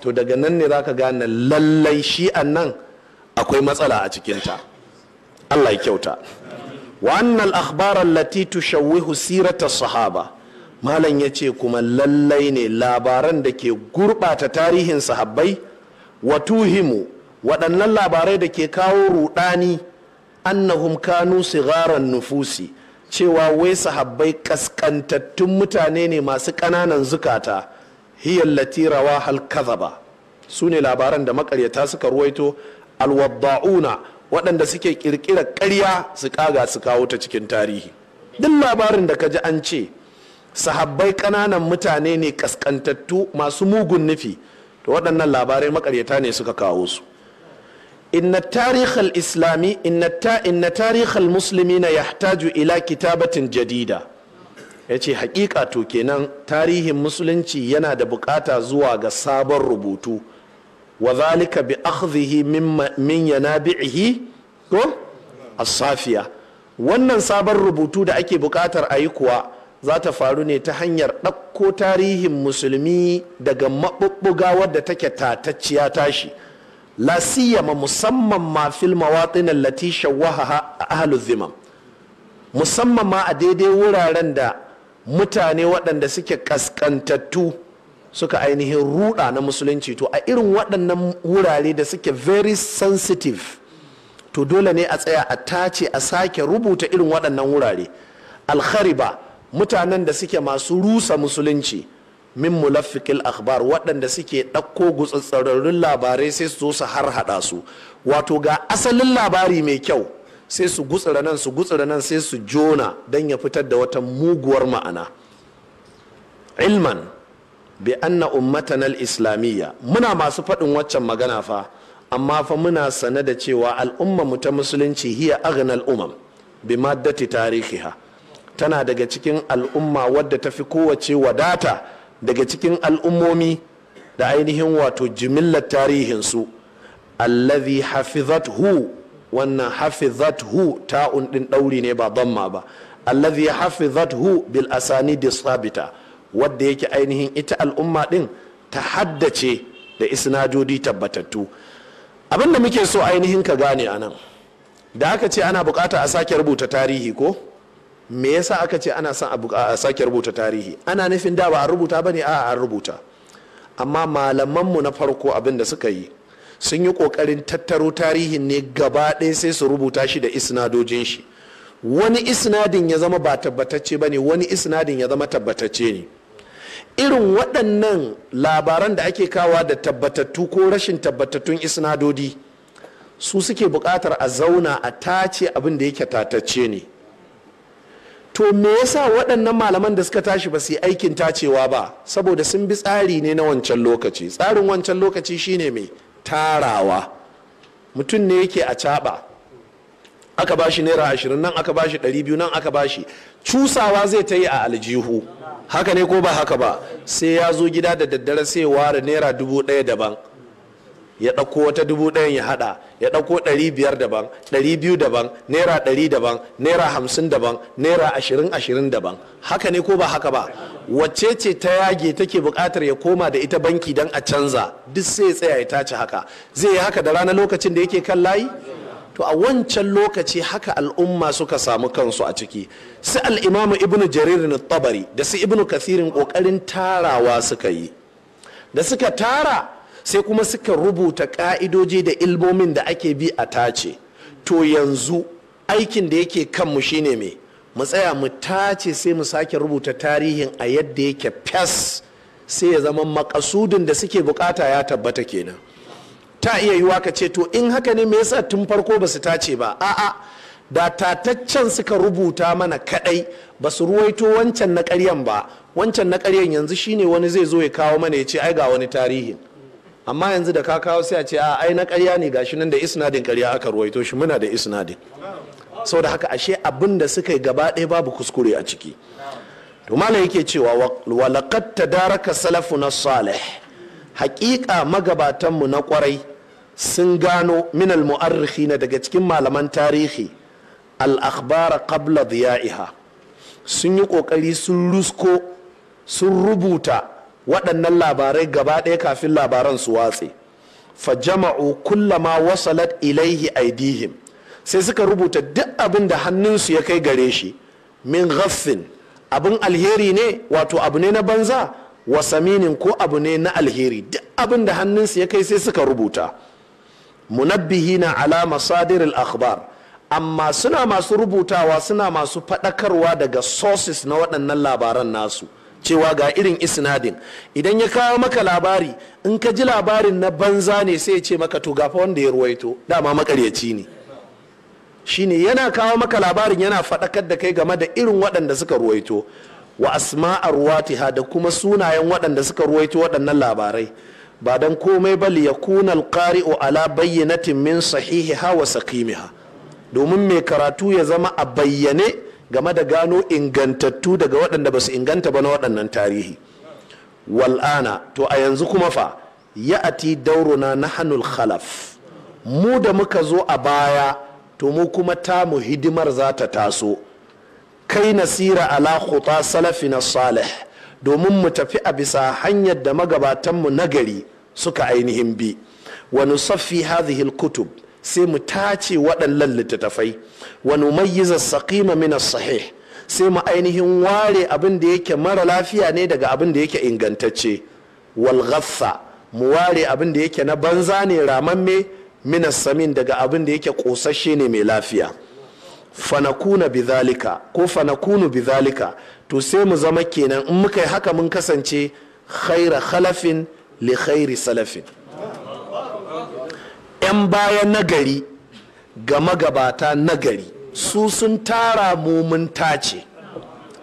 to daga nan ne za ka gane lallai shi'an nan akwai matsala a cikinta allah ya kyauta wannan akhbar allati tushawwihu sirata sahaba malam ya ce kuma lallai ne labaran da ke gurɓata tarihin sahabbai wa tuhimu waɗannan labarai da ke kawo ruɗani annahum kanu sigaran nufusi cewa wai sahabbai ƙasƙantattun mutane ne masu ƙananan zukata hiyallati rawa ba su ne labaran da makaryata suka ruwaito alwadda'una waɗanda suke ƙirƙirar ƙarya su ƙaga su kawo ta cikin tarihi duk labarin da ka ji an ce sahabbai kananan mutane ne kaskantattu masu mugun nufi to waɗannan labarai makaryata ne suka kawo su inna tarihal islami inna tarihal musulmi na yahtaju ila kitabatin jadida ya ce hakika to kenan tarihin musulunci yana da bukata zuwa ga sabon rubutu wa zalika bi akhdhihi min yanabi'ihi ko as-safiya wannan sabon rubutu da ake bukatar ayi kuwa za ta faru ne ta hanyar ɗakko tarihin musulmi daga maɓuɓɓuga wadda take tatacciya tashi La lasiyama musamman ma fil mawatin allati shawwaha ahlu zimam musamman ma a daidai wuraren da mutane waɗanda suke kaskantattu suka ainihin ruɗa na musulunci to a irin waɗannan wurare da suke very sensitive to dole ne a tsaya a tace a sake rubuta irin waɗannan wurare alkhariba mutanen da suke masu rusa musulunci min mulafikil akhbar waɗanda suke ɗakko gutsatsararrun labarai sai su zo su har haɗa su wato ga asalin labari mai kyau sai su gutsura nan su gutsura nan sai su jona don ya fitar da wata muguwar ma'ana ilman bi anna ummatanal islamiyya muna masu faɗin waccan magana fa amma fa muna sane da cewa al'ummar mu ta musulunci hiya aghnal umam bi maddati tarihiha tana daga cikin al'umma wadda ta fi kowace wadata daga cikin al'ummomi da ainihin wato jimillar tarihinsu allazi hu wannan hafizat-hu ta'un undin ɗauri ne ba damma ba allazi hu bil asani sabita wadda yake ainihin ita al'umma din ta haddace da isnadodi tabbatattu abinda muke so ainihin ka gane anan da aka ce ana bukata a sake rubuta tarihi ko me yasa aka ce ana son a sake rubuta tarihi ana nufin da ba a rubuta ba ne a an rubuta amma malamanmu na farko abin da suka yi sun yi kokarin tattaro tarihin ne gaba ɗaya sai su rubuta shi da isnadojin shi wani isnadin ya zama ba tabbatacce ba ne wani isnadin ya zama tabbatacce ne irin waɗannan labaran da ake kawa da tabbatattu ko rashin tabbatattun isnadodi su suke buƙatar a zauna a tace abin da yake tatacce ne to me yasa waɗannan malaman da suka tashi ba su yi aikin tacewa ba saboda sun bi tsari ne na wancan lokaci tsarin wancan lokaci shine mai tarawa mutum ne yake a caɓa aka shi naira ashirin nan aka ba shi ɗari biyu nan aka ba shi. cusawa zai ta yi a aljihu haka ne ko ba haka ba sai ya zo gida da daddare sai ware naira dubu ɗaya daban ya ɗauko wata dubu ɗayan ya haɗa ya ɗauko ɗari biyar daban ɗari biyu daban naira ɗari daban naira hamsin daban naira ashirin ashirin daban haka ne ko ba haka ba wacce ce ta yage take buƙatar ya koma da ita banki don a canza duk sai ya tsaya ya tace haka zai yi haka da rana lokacin da yake kan layi to a wancan lokaci haka al'umma suka samu kansu a ciki su al'imamu ibnu jaririn tabari da su ibnu kasirin ƙoƙarin tarawa suka yi da suka tara sai kuma suka rubuta ka'idoji da ilmomin da ake bi a tace to yanzu aikin da yake kanmu shine mai mu tsaya mu tace sai mu sake rubuta tarihin a yadda yake fes sai ya zama makasudin da suke bukata ya tabbata kenan ta iya yiwa ka ce to in haka ne me yasa tun farko ba su tace ba a'a da tataccen suka rubuta mana kadai ba su ruwaito wancan na karyan ba wancan na karyan yanzu shine wani zai zo ya kawo mana ya ce ai ga wani tarihin amma yanzu da ka kawo sai a ce a ai na ƙarya ne gashi nan da isnadin karya aka ruwaito shi muna da isnadin da haka ashe abin da suka yi gaba ɗaya babu kuskure a ciki to malam yake cewa laqad tadaraka salafuna salih haƙiƙa mu na ƙwarai sun gano min minal na daga cikin malaman tarihi al akhbar qabla diya'iha sun yi ƙoƙari sun rusko sun rubuta waɗannan labarai gaba ɗaya kafin labaran su watse fajama'u kullama wasalat ilaihi aidihim sai suka rubuta duk abin da hannunsu ya kai gare shi min ghaffin abin alheri ne wato abu ne na banza wa ko abu ne na alheri duk abin da hannunsu ya kai sai suka rubuta munabbihi munabbihina ala masadiril akhbar amma suna masu rubutawa suna masu faɗakarwa daga sources na waɗannan labaran nasu cewa ga irin isnadin idan ya kawo maka labari in ka ji labarin na banza ne sai ya ce maka to gafa wanda ya ruwaito dama makaryaci ne shine yana kawo maka labarin yana faɗakar da kai game da irin waɗanda suka ruwaito wa asma'a ruwatiha da kuma sunayen waɗanda suka ruwaito waɗannan labarai ba don komai ba liyakuna alqari'u ala bayyanatin min sahihiha wa saqimiha domin mai karatu ya zama a bayyane game da gano ingantattu daga waɗanda ba su inganta ba na waɗannan tarihi wal'ana to a yanzu kuma fa ya'ati dauruna na hannun khalaf mu da muka zo a baya to mu kuma ta mu hidimar za ta taso kai nasira ala khuta na salih domin mu tafi a bisa hanyar da magabatanmu nagari suka ainihin bi wa nusaffi hadhihi kutub sai mu tace waɗannan littattafai wani numayyiza saqima min sahih sai mu ainihin ware abin da yake mara lafiya ne daga abin da yake ingantacce wal mu ware abin da yake na banza ne ramamme mina samin daga abin da yake kosashe ne mai lafiya fanakuna bidhalika ko fanakunu bidhalika to sai mu zama kenan in muka yi haka mun kasance khaira khalafin li khairi salafin 'yan baya nagari ga magabata nagari su sun tara mumun tace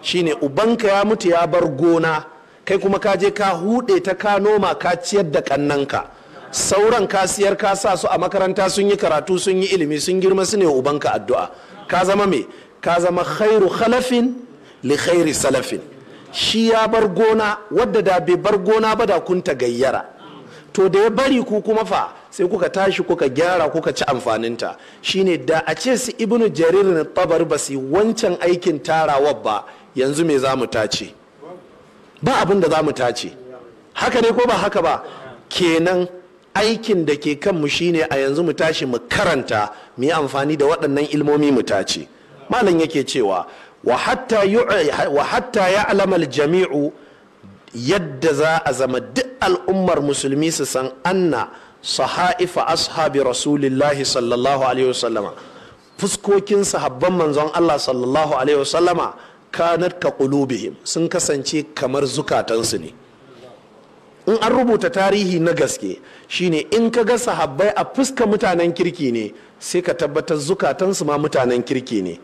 shine ubanka ya mutu ya bar gona kai kuma ka je ka hude ta ka noma ka ciyar da kannanka sauran ka siyar ka sa su a makaranta sun yi karatu sun yi ilimi sun girma su ne ubanka addu'a ka zama me ka zama khairu khalafin li khairi salafin shi ya bar gona wadda da bai bar gona ba da kun ta gayyara to da ya bari ku kuma fa sai kuka tashi kuka gyara kuka ci amfaninta shine da a ce su ibnu jarir na tabar ba su wancan aikin tarawa ba yanzu me za mu tace ba abin da za mu tace haka ne ko ba haka ba kenan aikin da ke kanmu shine a yanzu mu tashi mu karanta mu yi amfani da waɗannan ilmomi mu tace malam yake cewa wa hatta alamal jami'u yadda za a zama duk al'ummar musulmi su san anna sahaifa ashabi rasulillahi sallallahu alaihi wasallama fuskokin sahabban manzon Allah sallallahu alaihi wasallama kanat ka qulubihim sun kasance kamar zukatansu ne in an rubuta tarihi na gaske shine in ka ga sahabbai a fuska mutanen kirki ne sai ka tabbatar zukatansu ma mutanen kirki ne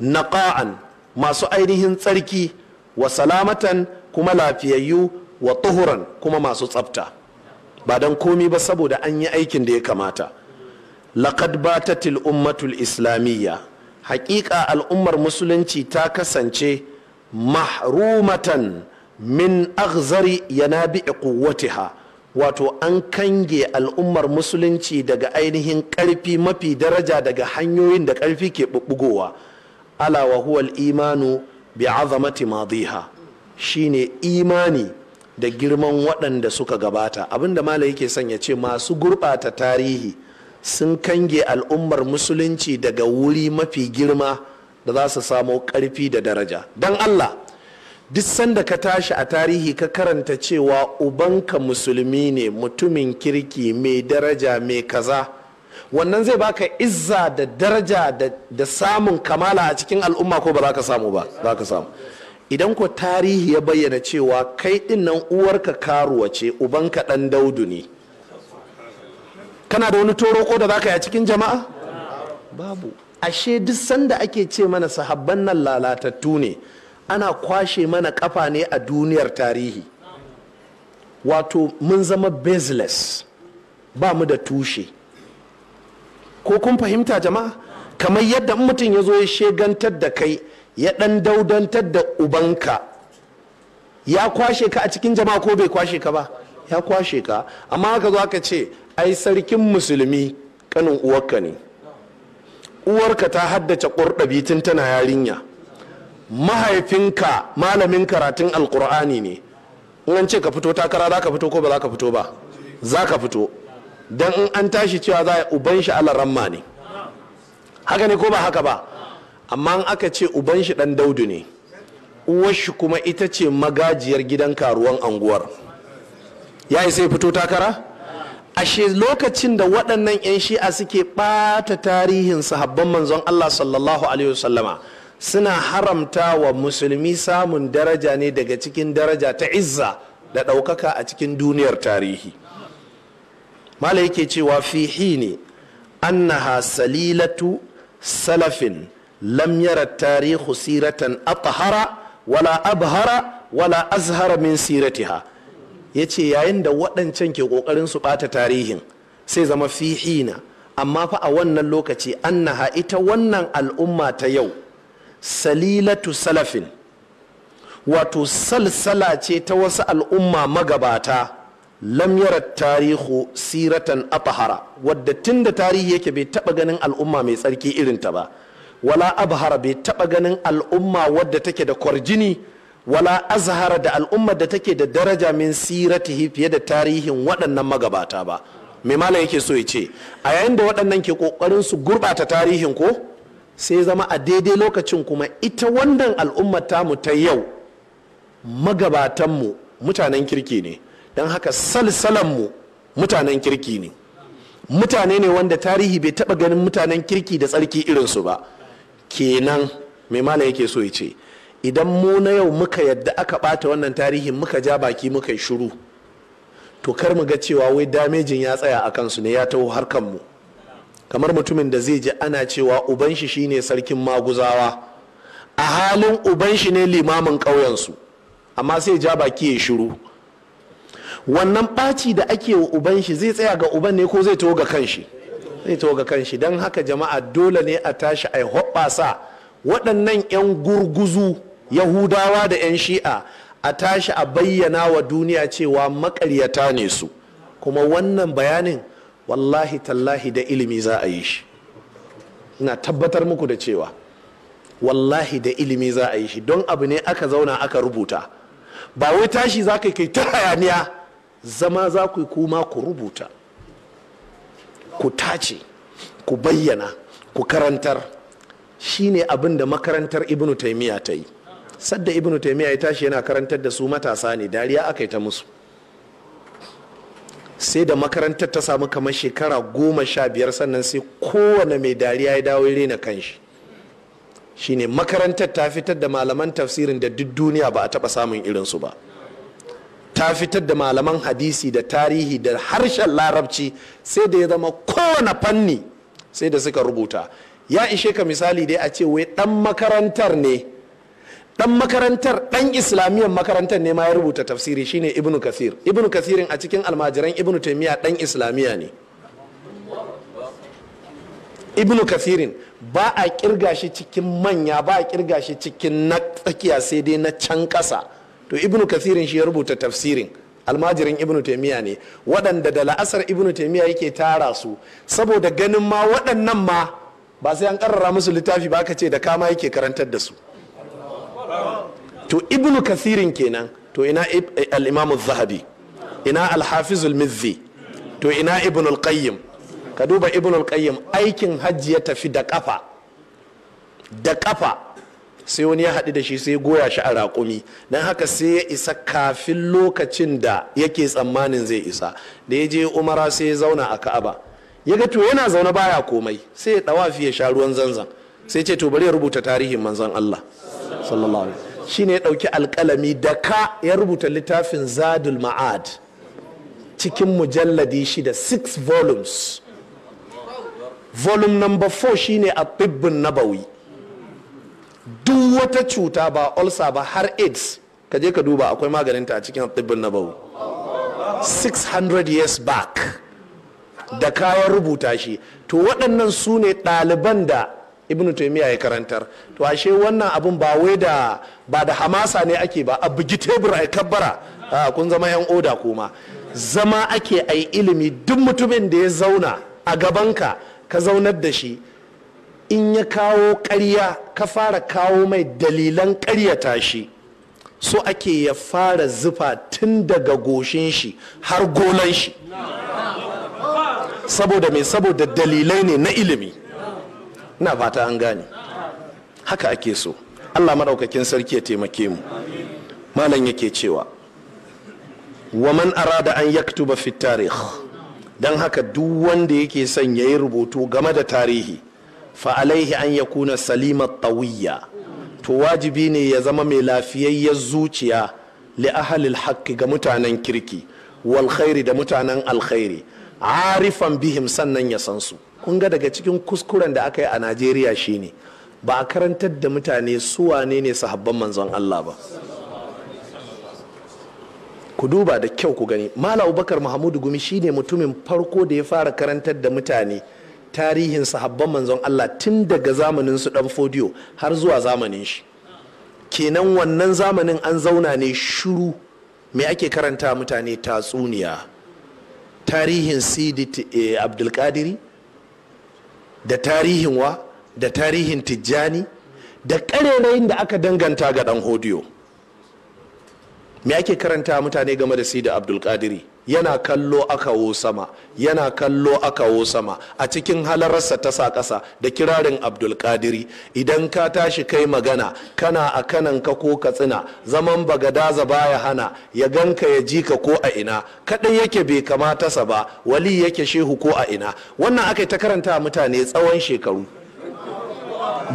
naqa'an masu ainihin tsarki wa salamatan kuma lafiyayyu wa tuhuran kuma masu tsafta ba don komi ba saboda an yi aikin da ya kamata laqad batatil ummatul islamiyya haƙiƙa al'ummar musulunci ta kasance mahrumatan min aghzari yanabi quwwatiha wato an kange al'ummar musulunci daga ainihin ƙarfi mafi daraja daga hanyoyin da ƙarfi ke bubbugowa ala wa huwal imanu bi azamati madiha shine imani da girman waɗanda suka gabata abinda malam yake son ya ce masu gurɓata tarihi sun kange al'ummar musulunci daga wuri mafi girma da za su samo ƙarfi da daraja don allah duk sanda ka tashi a tarihi ka karanta cewa ubanka musulmi ne mutumin kirki mai daraja mai kaza wannan zai baka izza da daraja da samun kamala a cikin al'umma ko ba za ka samu ba za ka samu idan ko tarihi ya bayyana cewa kai uwar uwarka karuwa ce ubanka dan daudu ne kana da wani toroko da zaka yi a cikin jama'a babu ashe duk sanda ake ce mana sahabban nan lalatattu ne ana kwashe mana kafa ne a duniyar tarihi wato mun zama baseless ba mu da tushe ko kun fahimta jama'a kamar yadda mutum ya zo ya shegantar da kai ya ɗan daudantar da ubanka ya kwashe ka a cikin jama'a ko bai kwashe ka ba ya kwashe ka amma haka zo aka ce ai sarkin musulmi kanin uwarka ne uwarka ta haddace ƙurɗabi tun tana yarinya mahaifinka malamin karatun Alƙur'ani ne in ce ka fito takara za ka fito ko ba za ka fito ba za ka fito don in an tashi cewa za a uban shi ramma ne haka ne ko ba haka ba amma aka ce uban shi dan daudu ne uwar shi kuma ita ce magajiyar gidan karuwan anguwar ya sai fito takara ashe lokacin da waɗannan 'yan shi'a suke ɓata tarihin sahabban manzon Allah sallallahu alaihi wasallama suna haramta wa musulmi samun daraja ne daga cikin daraja ta izza da ɗaukaka a cikin duniyar tarihi mala yake cewa fihi ne annaha salilatu salafin lam tarihu siratan athara wala abhara wala azhara min siratiha yace yayin da waɗancan ke ƙoƙarin su ɓata tarihin sai zama fihina amma fa a wannan lokaci annaha ita wannan al'umma ta yau salilatu salafin wato salsala ce ta wasu al'umma magabata lam tarihu siratan atahara wadda tun da tarihi yake bai taɓa ganin al'umma mai tsarki irinta ba wala abhara bai taba ganin al'umma wadda take da kwarjini wala azhara da al'umma da take da daraja min siratihi fiye da tarihin waɗannan magabata ba mai malam yake so ya ce a yayin da waɗannan ke ƙoƙarin su gurɓata tarihin ko sai zama a daidai lokacin kuma ita wannan al'ummar mu ta yau magabatanmu mutanen kirki ne don haka mu mutanen kirki ne mutane ne wanda tarihi bai taɓa ganin mutanen kirki da tsarki irinsu ba kenan mai mala yake so ya ce idan mu na yau muka yadda aka bata wannan tarihin muka ja baki muka yi shuru to kar mu ga cewa wai damejin ya tsaya a kansu ne ya taho har mu kamar mutumin da zai ji ana cewa uban shi shine sarkin maguzawa a halin uban shi ne limamin ƙauyensu amma sai ja baki ya shuru wannan ɓaci da ake wa uban shi zai tsaya ga uban ne ko zai taho ga kanshi zai to ga kanshi don haka jama'a dole ne a tashi a hoɓɓasa waɗannan 'yan gurguzu yahudawa da 'yan shi'a a tashi a bayyana wa duniya cewa maƙaryata ne su kuma wannan bayanin wallahi tallahi da ilimi za a yi shi ina tabbatar muku da cewa wallahi da ilimi za a yi shi don abu ne aka zauna aka rubuta ba wai tashi za ka kai ta hayaniya zama za ku yi kuma ku rubuta ku tace ku bayyana ku karantar shine abin da makarantar ibnu taimiyya ta yi sadda ibnu taimiyya ya tashi yana karantar da su matasa ne dariya aka yi ta musu sai da makarantar ta samu kamar shekara goma sha biyar sannan sai kowane mai dariya ya dawo rena kanshi shine makarantar ta fitar da malaman tafsirin da duk duniya ba a taɓa samun irinsu ba ta fitar da malaman hadisi da tarihi da harshen larabci sai da ya zama kowane fanni sai da suka rubuta ya ishe ka misali dai a ce wai dan makarantar ne dan makarantar dan islamiyyar makarantar ne ma ya rubuta tafsiri shine ibnu kasir ibnu kasirin a cikin almajiran ibnu taimiyya dan islamiyya ne ibnu kasirin ba a kirga shi cikin manya ba a kirga shi cikin na tsakiya sai dai na can ƙasa. to ibnu kathirin shi ya rubuta tafsirin almajirin ibnu taimiyya ne waɗanda da la'asar ibnu taimiyya yake tara su saboda ganin ma waɗannan ma ba sai an ƙarara musu littafi ba ka ce da kama yake karantar da su to ibnu kathirin kenan to ina eh, al-imamu zahabi ina al mizzi to ina ibnu al ka duba ibnu al aikin hajji ya tafi da ƙafa. da kafa sai wani ya haɗu da shi sai goya shi a raƙumi don haka sai ya isa kafin lokacin da yake tsammanin zai isa da ya je umara sai ya zauna a ka'aba ya ga to yana zaune baya komai sai ya ɗawafi ya sha ruwan zanzan sai ce to bari ya rubuta tarihin manzan Allah sallallahu alaihi shine ya ɗauki alƙalami da ka ya rubuta littafin zadul ma'ad cikin mujalladi shida six volumes volume number four shine a nabawi duk wata cuta ba ulcer ba har aids ka je ka duba akwai maganinta a cikin tibbin bau 600 years back da kawar rubuta shi to waɗannan su ne ɗaliban da ibn taimiyya ya karantar to ashe wannan abun ba wai da ba da hamasa ne ake ba a bugi tebur a kabbara kun zama yan oda kuma zama ake a ilimi duk mutumin da ya zauna a gabanka ka zaunar da shi in ya kawo ƙarya ka fara kawo mai dalilan ƙaryata shi so ake ya fara zufa tun daga goshin shi har gonan shi saboda mai saboda dalilai ne na ilimi na fata an gane haka ake so allah maɗaukakin sarki ya taimake mu malam yake cewa waman arada an yaktuba fi tarih don haka duk wanda yake son ya yi rubutu game da tarihi fa alaihi an ya kuna salima tawiyya to wajibi ne ya zama mai lafiyayyar zuciya li ahalil haƙƙi ga mutanen kirki wal da mutanen alkhairi arifan bihim sannan ya san su kun ga daga cikin kuskuren da aka yi a najeriya shine ba a karantar da mutane su wane ne sahabban manzon allah ba ku duba da kyau ku gani mala abubakar mahamudu gumi shine mutumin farko da ya fara karantar da mutane tarihin sahabban manzon Allah tun daga zamanin su dan fodiyo har zuwa zamanin shi kenan wannan zamanin an zauna ne shuru me ake karanta mutane tatsuniya tarihin sidi eh, abdulkadiri da tarihin wa da tarihin tijjani da ƙarerayin da aka danganta ga dan hodiyo me ake karanta mutane game da sidi abdulkadiri yana kallo aka wo sama yana kallo aka wo sama a cikin halararsa ta sa ƙasa da kirarin abdulkadiri idan ka tashi kai magana kana a kanan ka ko katsina zaman bagadaza baya hana ya ganka ya ji ka ko a ina kaɗai yake bai kamata sa ba wali yake shehu ko a ina wannan aka ta karanta mutane tsawon shekaru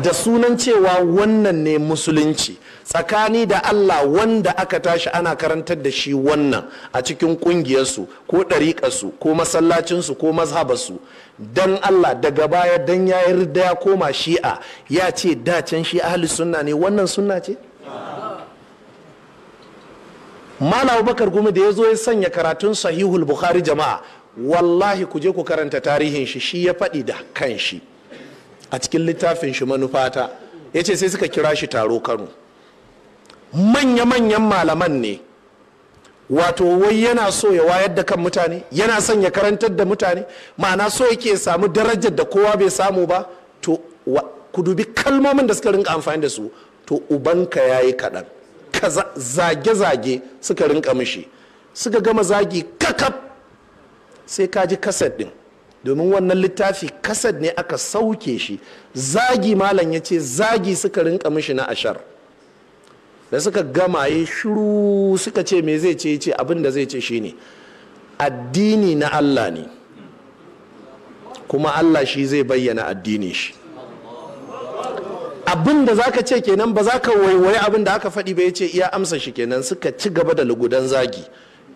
da sunan cewa wannan ne musulunci tsakani da Allah wanda aka tashi ana karantar da shi wannan a cikin ƙungiyarsu ko ɗariƙarsu ko masallacinsu ko mazhabarsu dan Allah daga baya dan ya yarda ya koma shi'a ya ce dacen shi ahli sunna ne wannan sunna ce Malam Abubakar Gumi da ya zo ya sanya karatun Sahihul Bukhari jama'a wallahi ku je ku karanta tarihin shi shi ya faɗi da kanshi. a cikin littafin shi manufata ya ce sai suka kira shi taro kano manya-manyan malaman ne wato wai yana so ya wayar da kan mutane yana son ya karantar da mutane ma'ana so yake samu darajar da kowa bai samu ba to ku dubi kalmomin da suka rinka amfani da su to ubanka ya yi kaɗan zage-zage suka rinka mishi suka gama zagi kakaf sai ka ji kaset ɗin domin wannan littafi kasad ne aka sauke shi zagi malam ya ce zagi suka rinka mishi na ashar da suka gama ya shiru suka ce me zai ce ce abin da zai ce ne addini na allah ne kuma allah shi zai bayyana addini shi abin da zaka ce kenan ba za ka waiwaye abin da aka faɗi ba ya ce iya amsa shi kenan suka ci gaba da lugudan zagi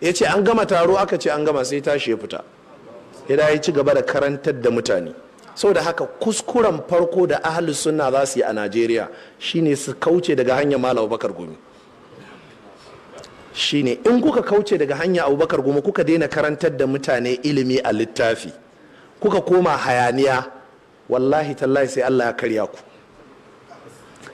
ya ce an gama taro aka ce an gama sai tashi ya fita ya ya ci gaba da karantar da mutane saboda haka kuskuren farko da ahalus suna za su yi a najeriya shine su kauce daga hanyar mala bakar gumi shine in kuka kauce daga hanyar abubakar gumi kuka daina karantar da mutane ilimi a littafi kuka koma hayaniya wallahi tallahi sai allah ya karya ku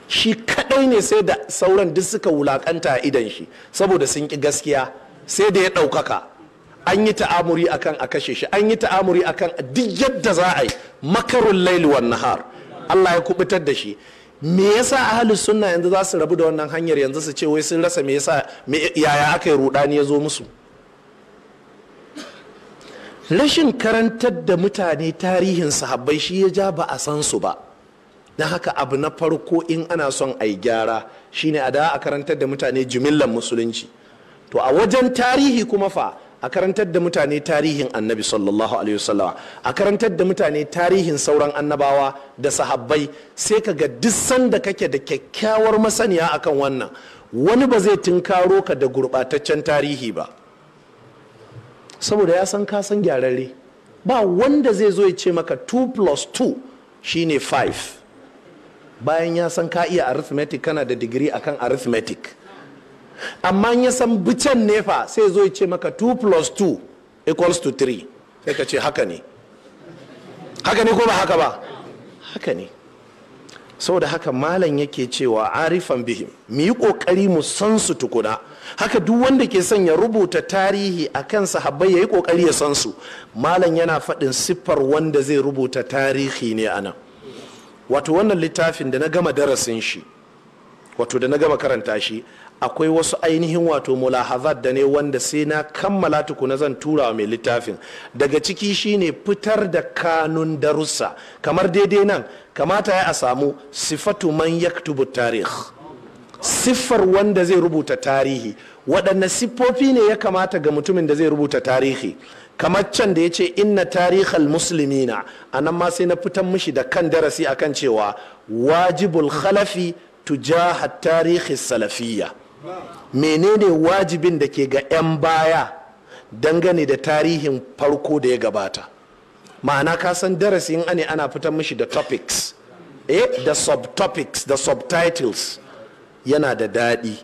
shi kadai ne sai da sauran duk suka wulakanta a idan shi saboda sun ki gaskiya sai da ya ɗaukaka an yi ta'amuri akan a kashe shi an yi ta'amuri akan duk yadda za a yi makarun laili wan nahar Allah ya kubutar da shi me yasa ahli sunna yanzu za su rabu da wannan hanyar yanzu su ce wai sun rasa me yasa yaya aka yi rudani ya zo musu rashin karantar da mutane tarihin sahabbai shi ya ja ba a san su ba na haka abu na farko in ana son a yi gyara shine a da a karantar da mutane jimillan musulunci to a wajen tarihi kuma fa a karantar da mutane tarihin annabi sallallahu alaihi wasallama a karantar da mutane tarihin sauran annabawa da sahabbai sai ka ga duk sanda kake da kyakkyawar masaniya akan wannan wani ba zai tunkaro ka da gurɓataccen tarihi ba saboda ya san ka san gyararre ba wanda zai zo ya ce maka 2 plus 2 shine 5 bayan ya san ka iya arithmetic kana da digiri akan arithmetic amma ya san bicen nefa sai zo ya ce maka 2 plus 2 equals to 3 sai ka ce haka ne haka ne ko ba haka ba haka ne saboda haka malam yake cewa arifan bihim mu yi kokari mu san su tukuna haka duk wanda ke son ya rubuta tarihi a kan sahabbai ya yi kokari ya san su malam yana faɗin siffar wanda zai rubuta tarihi ne a nan wato wannan littafin da na gama darasin shi wato da na gama karanta shi akwai wasu ainihin wato mulahazat da ne wanda sai na kammala tukuna zan tura wa mai littafin daga ciki shine fitar da kanun darussa kamar daidai nan kamata ya a samu sifatu man yaktubu tarih siffar wanda zai rubuta tarihi waɗanne siffofi ne ya kamata ga mutumin da zai rubuta tarihi kamar can da ya ce inna tarihal muslimina a nan ma sai na fitan mishi da kan darasi akan cewa wajibul khalafi tujaha tarihi salafiyya menene wajibin da ke ga 'yan baya dangane da tarihin farko da ya gabata ma'ana ka san darasi in ane ana fitar mishi da topics eh da subtopics da subtitles yana da daɗi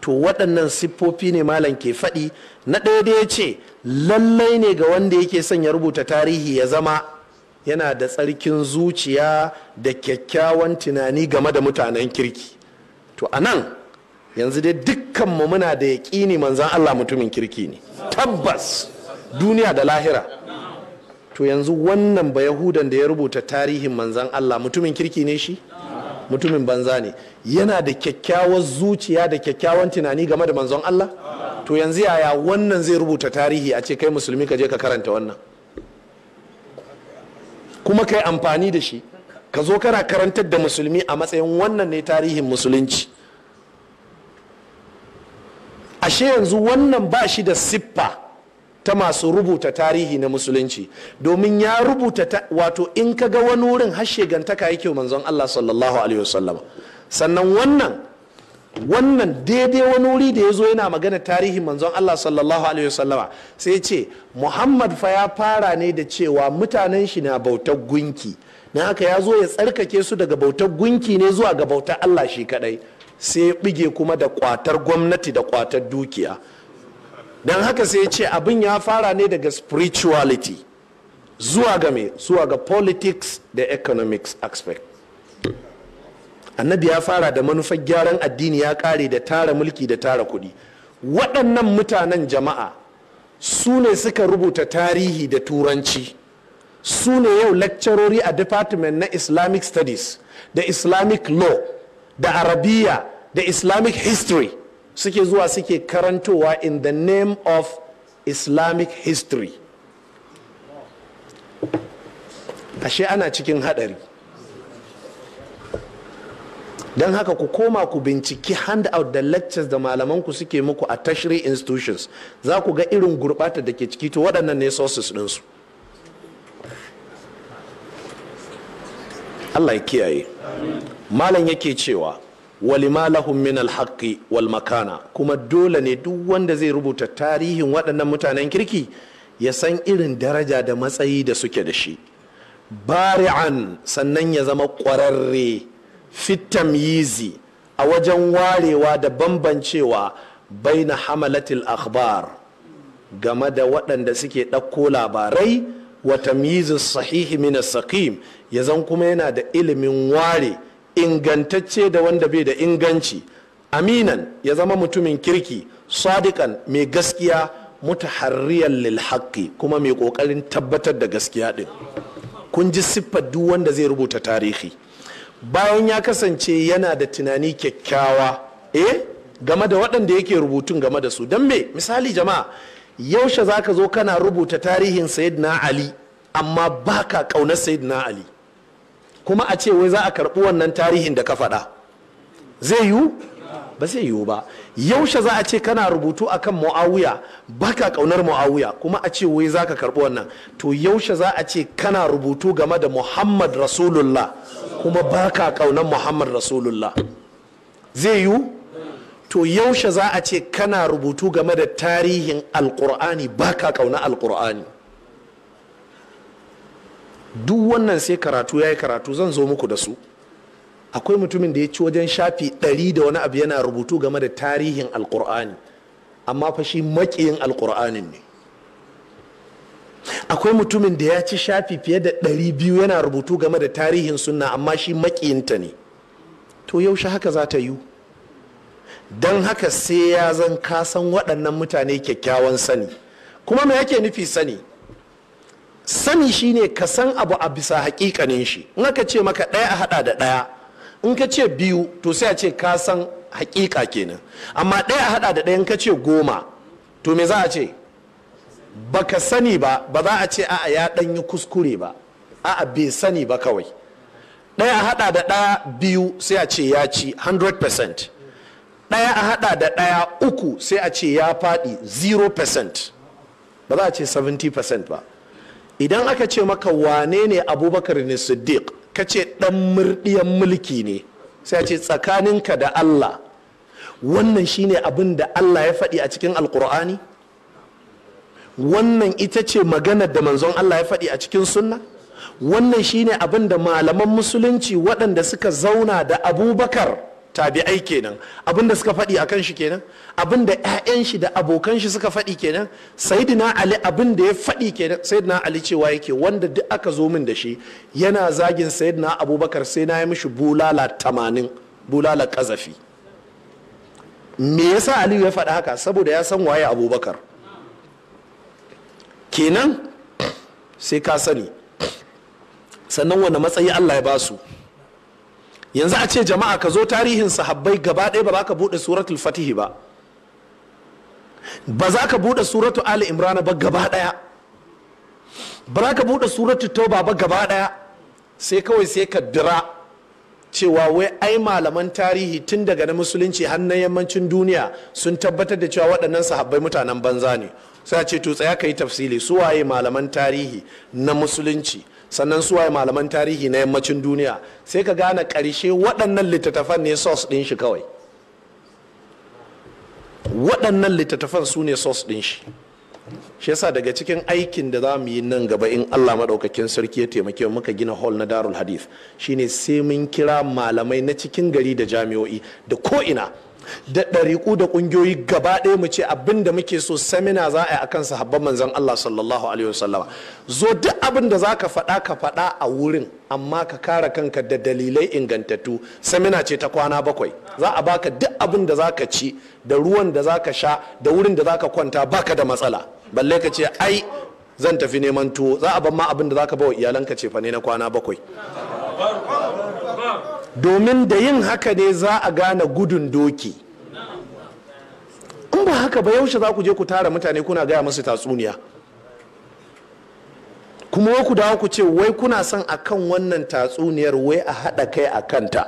to waɗannan siffofi ne malam ke faɗi na ɗaya da ya ce lallai ne ga wanda yake son ya rubuta tarihi ya zama yana da tsarkin zuciya da kyakkyawan tunani game da mutanen kirki to anan yanzu dai dukkanmu muna da yaƙini manzan Allah mutumin kirki ne tabbas duniya da lahira to yanzu wannan ba yahudan da ya rubuta tarihin manzan Allah mutumin kirki ne shi mutumin banza ne yana da kyakkyawar zuciya da kyakkyawan tunani game da manzon Allah to yanzu yaya wannan zai rubuta tarihi a ce kai musulmi ka je ka karanta wannan kuma kai amfani da shi ka zo kana karantar da musulmi a matsayin wannan ne tarihin musulunci ashe yanzu wannan ba shi da siffa ta masu rubuta tarihi na musulunci domin ya rubuta wato in ka ga wani wurin hashe gantaka yake manzon Allah sallallahu alaihi wasallam sannan wannan wannan daidai wani wuri da ya zo yana magana tarihi manzon Allah sallallahu alaihi wasallama sai ya ce Muhammad fa ya fara ne da cewa mutanen shi na bautar gunki na haka ya zo ya tsarkake su daga bautar gunki ne zuwa ga bautar Allah shi kadai sai ya bige kuma da kwatar gwamnati da kwatar dukiya don haka sai ya ce abin ya fara ne daga spirituality zuwa ga me zuwa ga politics da economics aspect annabi ya fara da manufar gyaran addini ya kare da tara mulki da tara kudi. waɗannan mutanen jama'a su ne suka rubuta tarihi da turanci su ne yau lakcarori a department na islamic studies da islamic law da arabiya da islamic history suke zuwa suke karantowa in the name of islamic history ashe ana cikin hadari don haka ku koma ku binciki hand out da lectures da malamanku suke muku a tertiary institutions za ku ga irin gurɓata da ke ciki to waɗannan ne sources ɗinsu. Allah ya kiyaye malam yake cewa walima lahum min alhaqi wal makana kuma dole ne duk wanda zai rubuta tarihin waɗannan mutanen kirki ya san irin daraja da matsayi da suke da shi bari'an sannan ya zama ƙwararre fitam yizi a wajen warewa da bambancewa baina hamalatil akhbar game da waɗanda suke ɗauko labarai wa tamyizu sahihi min saqim ya zan kuma yana da ilimin ware ingantacce da wanda bai da inganci aminan ya zama mutumin kirki sadiqan mai gaskiya mutaharriyar lil kuma mai kokarin tabbatar da gaskiya din kun ji siffar duk wanda zai rubuta tarihi bayan ya kasance yana da tunani kyakkyawa eh game da waɗanda yake rubutun game da su don me misali jama'a yaushe za ka zo kana rubuta tarihin sayyidina ali amma baka ƙaunar sayyidina ali kuma a ce wai za a karɓi wannan tarihin da ka faɗa zai yiwu ba zai yiwu ba yaushe za a ce kana rubutu akan muawiya baka kaunar muawiya kuma a ce wai za ka karɓi wannan to yaushe za a ce kana rubutu game da muhammad rasulullah kuma baka kaunar muhammad rasulullah zai yiwu to yaushe za a ce kana rubutu game da tarihin alkur'ani baka kauna alkur'ani duk wannan sai karatu ya yi karatu zan zo muku da su akwai mutumin da ya ci wajen shafi ɗari da wani abu yana rubutu game da tarihin alkur'ani amma fa shi maƙiyin alkur'anin ne akwai mutumin da ya ci shafi fiye da ɗari biyu yana rubutu game da tarihin sunna amma shi maƙiyinta ne to yaushe haka za ta yi. don haka sai ya zan kasan waɗannan mutane kyakkyawan sani kuma me yake nufi sani sani shine ka san abu a bisa hakikanin shi in aka ce maka ɗaya a hada da ɗaya in ka ce biyu to sai a ce ka san hakika kenan amma ɗaya a hada da ɗaya in ka ce goma to me za a ce ba ka sani ba ba za a ce a'a ya ɗan yi kuskure ba a'a bai sani ba kawai ɗaya a hada da ɗaya biyu sai a ce ya ci 100% ɗaya a hada da ɗaya uku sai a ce ya faɗi 0% ba za a ce 70% ba idan aka ce maka wane ne abubakar ne siddiq ka ce ɗan murdiyan mulki ne sai a ce tsakaninka da allah wannan shine abin da allah ya faɗi a cikin alkur'ani wannan ita ce maganar da manzon allah ya faɗi a cikin sunna wannan shine abin da malaman musulunci waɗanda suka zauna da abubakar tabi'ai kenan abinda suka faɗi a kan shi kenan abinda 'ya'yan shi da abokan shi suka faɗi kenan sayyidina ali abin ya faɗi kenan saidina ali cewa yake wanda duk aka zo min da shi yana zagin saidina abubakar sai na yi mishi bulala tamanin bulala kazafi me yasa aliyu ya faɗi haka saboda ya san waye abubakar kenan sai ka sani sannan wanda matsayi allah ya basu yanzu a ce jama'a ka zo tarihin sahabbai gaba ɗaya ba za ka buɗe suratul fatihi ba ba za ka buɗe suratu ali imrana ba gaba ɗaya ba za ka buɗe suratu tauba ba gaba ɗaya sai kawai sai ka dira cewa wai ai malaman tarihi tun daga na musulunci har na yammacin duniya sun tabbatar da cewa waɗannan sahabbai mutanen banza ne sai a ce to tsaya ka yi tafsili su waye malaman tarihi na musulunci sannan suwaye malaman tarihi na yammacin duniya sai ka gane ƙarshe waɗannan littattafan ne sos ɗin shi kawai waɗannan littattafan su ne sos ɗin shi shi yasa daga cikin aikin da za mu yi nan gaba in allah maɗaukakin sarki ya taimake wa muka gina hall na darul hadith shine sai mun kira malamai na cikin gari da jami'o'i da ko'ina da ɗariƙu da ƙungiyoyi gaba ɗaya mu ce abin da muke so samina za a yi akan sahabban manzon Allah sallallahu alaihi wasallama zo duk abin da za ka faɗa ka faɗa a wurin amma ka kare kanka da dalilai ingantattu samina ce ta kwana bakwai za a baka duk abin da za ka ci da ruwan da za ka sha da wurin da za ka kwanta baka da matsala balle ka ce ai zan tafi neman tuwo za a ban ma abin da za ka bawa iyalanka ce fa ne na kwana bakwai domin da yin haka ne za a gane gudun doki in ba haka ba yaushe za ku je ku tara mutane kuna gaya musu tatsuniya kuma wai ku dawo ku ce wai kuna son a kan wannan tatsuniyar wai a haɗa kai a kanta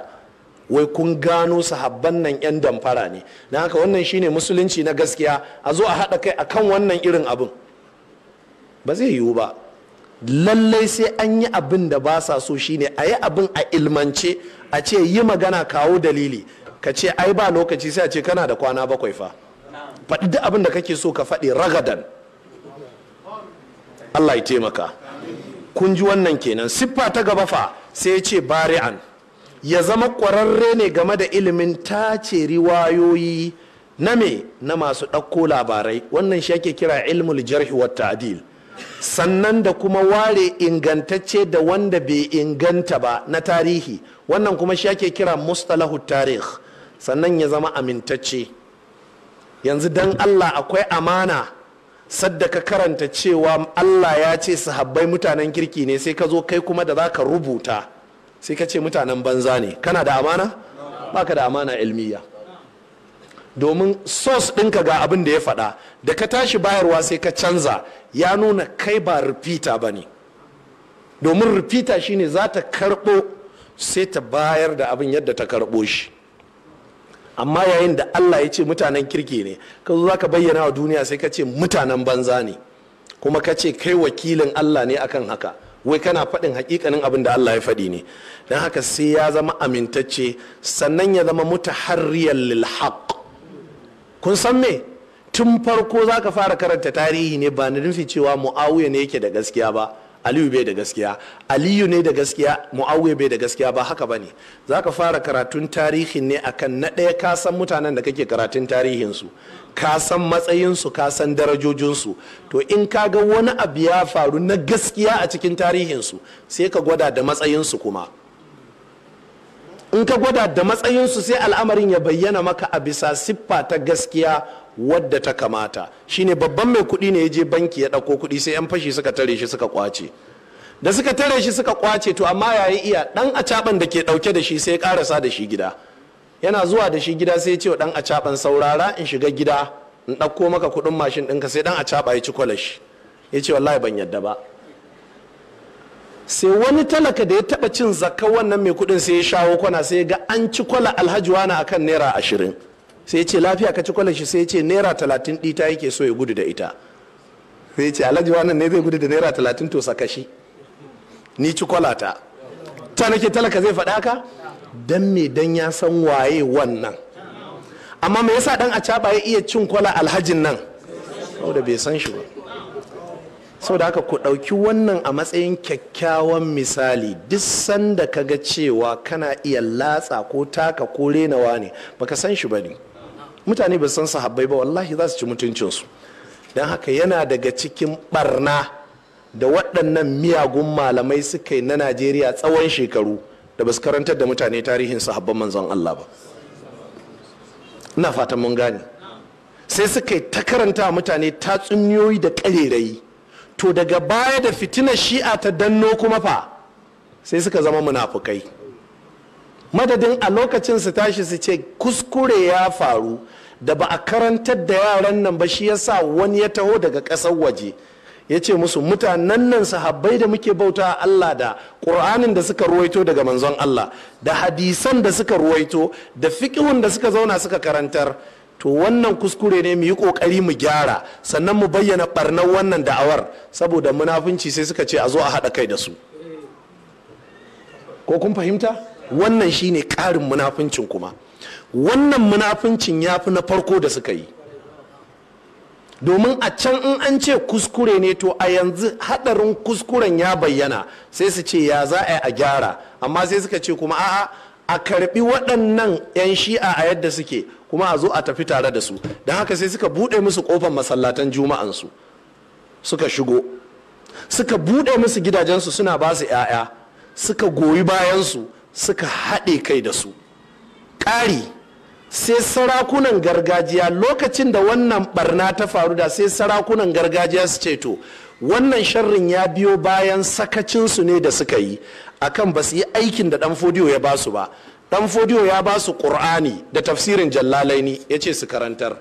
wai kun gano sahabban nan 'yan damfara ne na haka wannan shine musulunci na gaskiya a zo a haɗa kai a kan wannan irin abin ba zai yiwu ba lallai sai an yi abin da ba sa so shine a yi abin a ilmance a ce yi magana kawo dalili ka ce ai ba lokaci sai a ce kana da kwana bakwai fa faɗi duk abin da kake so ka faɗi ragadan Allah ya taimaka kun ji wannan kenan siffa ta gaba fa sai ya ce bari'an ya zama ƙwararre ne game da ilimin tace riwayoyi na me na masu ɗauko labarai wannan shi ake kira ilmul jarhi wa ta'dil sannan da kuma ware ingantacce da wanda bai inganta ba na tarihi wannan kuma shi ake kira mustalahu tarih sannan ya zama amintacce yanzu dan allah akwai amana sadda ka karanta cewa allah ya ce sahabbai mutanen kirki ne sai ka zo kai kuma da za ka rubuta sai ka ce mutanen banza ne kana da amana baka da amana ilmiya domin sos ɗinka ga abin da ya faɗa da ka tashi bayarwa sai ka canza ya nuna kai ba repeater ba ne domin repeater shine za ta karɓo sai ta bayar da abin yadda ta karɓo shi amma yayin da allah ya ce mutanen kirki ne ka zo za ka bayyana wa duniya sai ka ce mutanen banza ne kuma ka ce kai wakilin allah ne akan haka wai kana faɗin hakikanin abin da allah ya faɗi ne don haka sai ya zama amintacce sannan ya zama mutaharriyar lil kun san me tun farko za ka fara karanta tarihi ne ba na nufi cewa mu'awiya ne yake da gaskiya ba aliyu bai da gaskiya aliyu ne da gaskiya mu'awiya bai da gaskiya ba haka ba ne za ka fara karatun tarihin ne akan na ɗaya ka san mutanen da kake karatun tarihinsu ka san matsayinsu ka san darajojinsu to in ka ga wani abu ya faru na gaskiya a cikin tarihinsu sai ka gwada da matsayinsu kuma in ka gwada da matsayinsu sai al'amarin ya bayyana maka a bisa siffa ta gaskiya wadda ta kamata shine babban mai kuɗi ne ya je banki ya ɗauko kuɗi sai 'yan fashi suka tare shi suka kwace da suka tare shi suka kwace to amma yayi iya ɗan acaɓan da ke ɗauke da shi sai ya ƙarasa da shi gida yana zuwa da shi gida sai ya ce wa ɗan acaɓan saurara in shiga gida in ɗauko maka kuɗin mashin ɗinka sai ɗan acaɓa ya ci kwalashi ya ce wallahi ban yadda ba sai wani talaka da ya taba cin zakka wannan mai kudin sai ya shawo kwana sai ya ga an ci kwala alhaji wani akan naira ashirin sai ya ce lafiya ka ci kwala shi sai ya ce naira talatin ɗita yake so ya gudu da ita sai ya ce alhaji wannan ne zai gudu da naira talatin to saka shi ni ci kwala ta ta nake talaka zai faɗa ka dan me dan ya san waye wannan amma me yasa dan a ya iya cin kwala alhajin nan saboda bai san shi ba Sau da haka ku ɗauki wannan a matsayin kyakkyawan misali duk sanda ka ga cewa kana iya latsa ko taka ko renawa ne baka san shi ba ne mutane ba san sahabbai ba wallahi za su ci mutuncinsu don haka yana daga cikin barna da waɗannan miyagun malamai suka yi na najeriya tsawon shekaru da ba su karantar da mutane tarihin sahabban manzon allah ba ina fatan mun gane sai suka yi ta karanta mutane tatsuniyoyi da ƙarerayi to daga baya da fitina shi'a ta danno kuma fa sai suka zama munafukai madadin a lokacin su tashi su ce kuskure ya faru da ba a karantar da yaran nan ba shi yasa wani ya taho daga ƙasar waje ya ce musu mutanen nan sahabbai da muke bauta Allah da ƙur'anin da suka ruwaito daga manzon Allah da hadisan da suka ruwaito da fiƙihun da suka zauna suka karantar to wannan kuskure ne mu yi kokari mu gyara sannan mu bayyana barnar wannan da'awar saboda munafunci sai suka ce a zo a haɗa kai da su ko kun fahimta wannan shine ƙarin munafuncin kuma wannan munafuncin ya fi na farko da suka yi domin a can in an ce kuskure ne to a yanzu haɗarin kuskuren ya bayyana sai su ce ya za a yi a gyara amma sai suka ce kuma a'a a karbi waɗannan 'yan shi'a a yadda suke kuma a zo a tafi tare da su don haka sai suka buɗe musu ƙofar masallatan juma'ansu suka shigo suka buɗe musu gidajensu suna ba su 'ya'ya suka goyi bayansu suka haɗe kai da su ƙari sai sarakunan gargajiya lokacin da wannan barna ta faru da sai sarakunan gargajiya su ce to wannan sharrin ya biyo bayan sakacinsu ne da suka yi akan ba su yi aikin da dan fodiyo ya ba su ba dan fodiyo ya ba su qur'ani da tafsirin jallalaini ya ce su karantar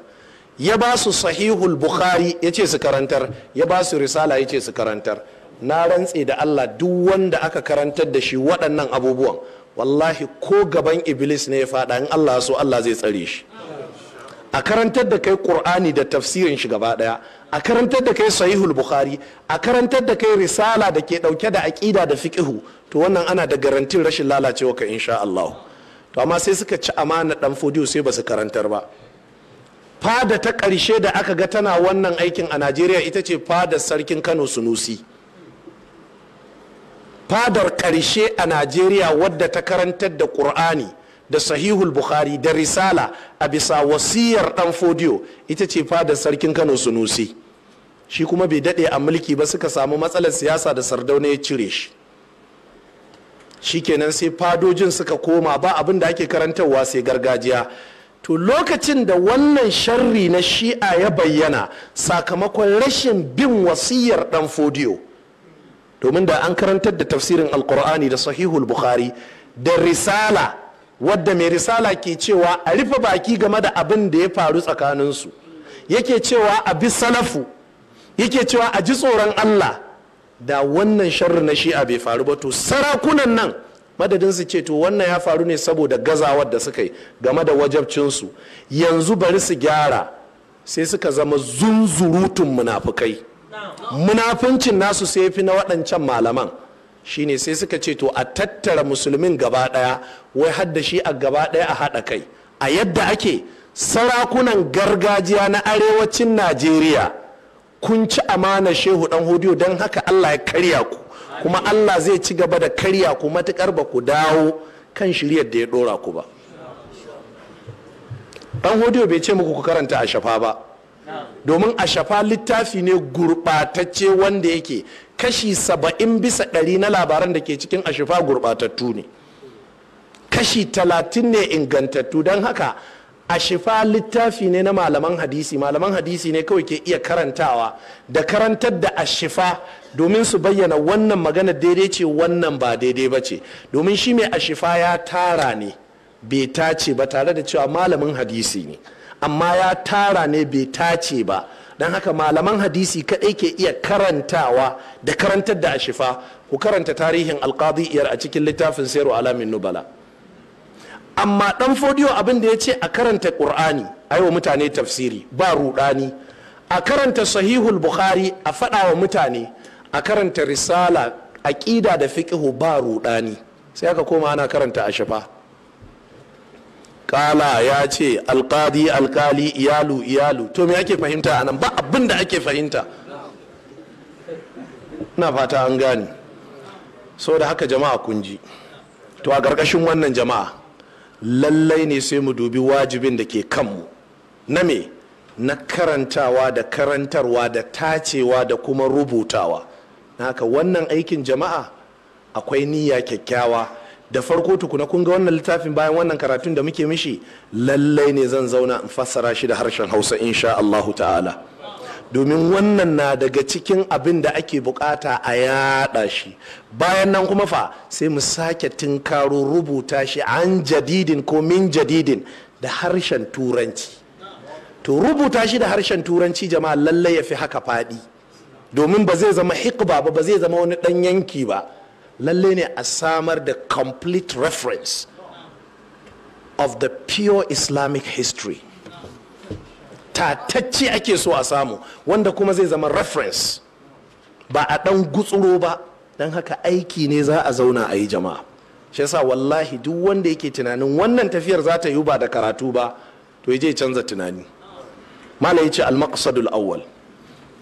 ya ba su sahihul bukhari ya ce su karantar ya ba su risala ya ce su karantar na rantse da allah duk wanda aka karantar da shi waɗannan abubuwan wallahi ko gaban iblis ne ya faɗa in allah so allah zai tsare shi a karantar da kai qur'ani da tafsirin shi gaba daya a karantar da kai sahihul bukhari a karantar da kai risala da ke dauke da aqida da fiqhu to wannan ana da garantin rashin lalacewa ka insha Allah to amma sai suka ci amana dan fodiyo sai ba su karantar ba fada ta karshe da aka ga tana wannan aikin a Najeriya ita ce fada sarkin Kano Sunusi fadar karshe a Najeriya wadda ta karantar da Qur'ani da sahihul bukhari da risala a bisa wasiyar dan fodiyo ita ce fadar sarkin kano sunusi shi kuma bai daɗe a mulki ba suka samu matsalar siyasa da sardauna ya cire shi shikenan sai fadojin suka koma ba abin da ake karantarwa sai gargajiya to lokacin da wannan sharri na shi'a ya bayyana sakamakon rashin bin wasiyar dan fodiyo domin da an karantar da tafsirin alkur'ani da sahihul bukhari da risala wadda mai risala ke cewa a rufe baki game da abin da ya faru tsakaninsu yake cewa a bi salafu yake cewa a ji tsoron Allah da wannan sharri na shi'a bai faru ba to sarakunan nan madadin su ce to wannan ya faru ne saboda gazawar da suka yi game da wajabcinsu yanzu bari su gyara sai suka zama zunzurutun munafukai munafincin nasu sai fi na waɗancan malaman shine sai suka ce to a tattara musulmin gaba ɗaya wai hadda shi a gaba ɗaya a haɗa kai a yadda ake sarakunan gargajiya na arewacin najeriya kun ci amana shehu dan hodiyo don haka allah ya karya ku kuma allah zai ci gaba da karya ku matukar ba ku dawo kan shiryar da ya dora ku ba dan hodiyo bai ce muku ku karanta a shafa ba domin a shafa littafi ne gurɓatacce wanda yake kashi saba'in bisa ɗari na labaran da ke cikin a shafa gurɓatattu ne kashi talatin ne ingantattu don haka a shifa littafi ne na malaman hadisi malaman hadisi ne kawai ke iya karantawa da karantar da a shifa domin su bayyana wannan magana daidai ce wannan ba daidai ba ce domin shi mai a shifa ya tara ne bai tace ba tare da cewa malamin hadisi ne amma ya tara ne bai tace ba don haka malaman hadisi kaɗai ke iya karantawa da karantar da ashifa ku karanta tarihin alƙadiyyar a cikin littafin sayarwa alamin nubala amma ɗan fodiyo abin da ya ce a karanta ƙur'ani a yi wa mutane tafsiri ba ruɗani a karanta sahihul bukhari a faɗa wa mutane a karanta risala aƙida da fiƙihu ba ruɗani sai aka koma ana karanta ashifa kala ya ce alkali alkali iyalu iyalu to me ake fahimta anan ba abin da ake fahimta ina fata an gane da haka jama'a kunji to a ƙarƙashin wannan jama'a lallai ne sai mu dubi wajibin da ke kanmu na me na karantawa da karantarwa da tacewa da kuma rubutawa na haka wannan aikin jama'a akwai niyya kyakkyawa da farko tukuna kun ga wannan littafin bayan wannan karatun da muke mishi lallai ne zan zauna in fassara shi da harshen hausa insha Allahu ta'ala domin wannan na daga cikin abin da ake bukata a yada shi bayan nan kuma fa sai mu sake tinkaro rubuta shi an jadidin ko min jadidin da harshen turanci to rubuta shi da harshen turanci jama'a lallai ya fi haka faɗi domin ba zai zama hikba ba ba zai zama wani ɗan yanki ba lalle ne a samar da complete reference of the pure islamic history tatacce ake so a samu wanda kuma zai zama reference ba a ɗan gutsuro ba don haka aiki ne za a zauna a yi jama'a shi yasa wallahi duk wanda yake tunanin wannan tafiyar za ta yi ba da karatu ba to je canza tunani mala ya ce al-maqsadul awwal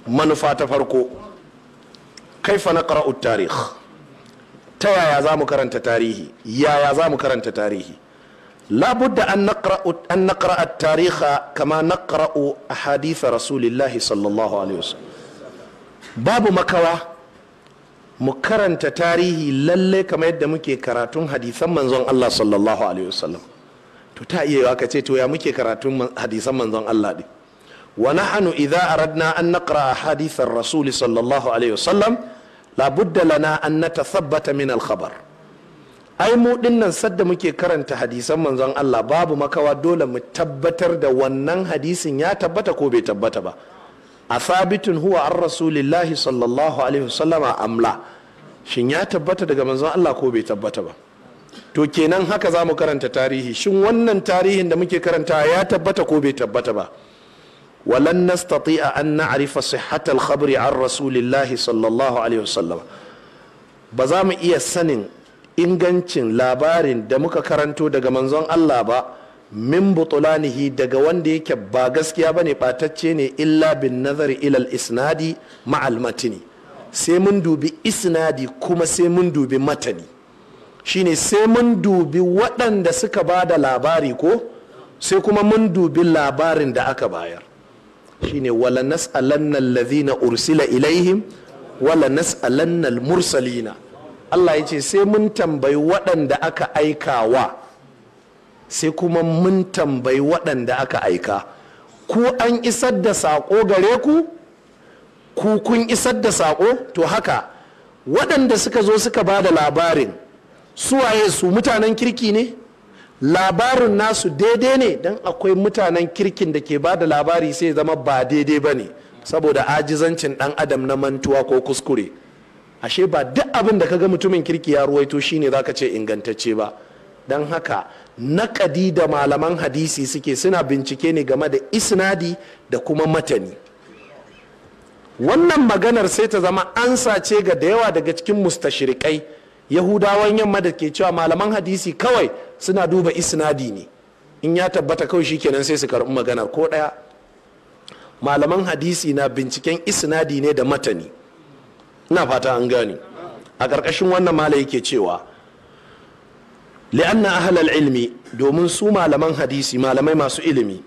manufa ta farko kaifa na tarikh ta yaya za mu karanta tarihi yaya za mu karanta tarihi labudda an a tariha kama naqra'u haditha rasulillahi sallallahu alaihi wasallam babu makawa mu karanta tarihi lalle kama yadda muke karatun hadisan manzon Allah sallallahu alaihi wasallam to ta iya yawa kace to ya muke karatun hadisan manzon Allah din wa nahnu idza aradna an naqra ahaditha rasul sallallahu alaihi wasallam labudda lana an sabbata min alkhabar ai mu dinnan sadda muke karanta hadisan manzon Allah babu makawa dole mu tabbatar da wannan hadisin ya tabbata ko bai tabbata ba a sabitin huwa an rasulillahi sallallahu alaihi wasallama amla shin ya tabbata daga manzon Allah ko bai tabbata ba to kenan haka za mu karanta tarihi shin wannan tarihin da muke karanta ya tabbata ko bai tabbata ba walan nastati'a an na'rifa sihhatal khabri an rasulillahi sallallahu alaihi wasallam ba za mu iya sanin ingancin labarin da muka karanto daga manzon Allah ba min butulanihi daga wanda yake ba gaskiya bane batacce ne illa bin nazari ilal isnadi ma'al matini sai mun dubi isnadi kuma sai mun dubi matani shine sai mun dubi waɗanda suka ba da labari ko sai kuma mun dubi labarin da aka bayar shine wala nas'alanna alladhina ursila ilaihim wala nas'alanna mursalina Allah ya ce sai mun tambayi waɗanda aka aika wa, sai kuma mun tambayi waɗanda aka aika ku an isar da saƙo gare ku ku kun isar da saƙo to haka waɗanda suka zo suka ba da labarin suwaye su mutanen kirki ne labarin nasu daidai ne don akwai mutanen kirkin da ke ba da labari sai zama ba daidai ba ne saboda ajizancin dan adam na mantuwa ko kuskure ashe ba duk abin da kaga mutumin kirki ya ruwaito shine zaka ce ingantacce ba don haka naƙadi da malaman hadisi suke suna bincike ne game da isnadi da kuma matani wannan maganar sai ta zama ansa ce ga da yawa daga cikin mustashirikai yahudawan yamma da ke cewa malaman hadisi kawai suna duba isnadi ne in ya tabbata kawai shikenan sai su karɓi magana ko ɗaya malaman hadisi na binciken isnadi ne da matani ina fata an gani a ƙarƙashin wannan mala yake cewa li'anna ahlal ilmi domin su malaman hadisi malamai masu ilimi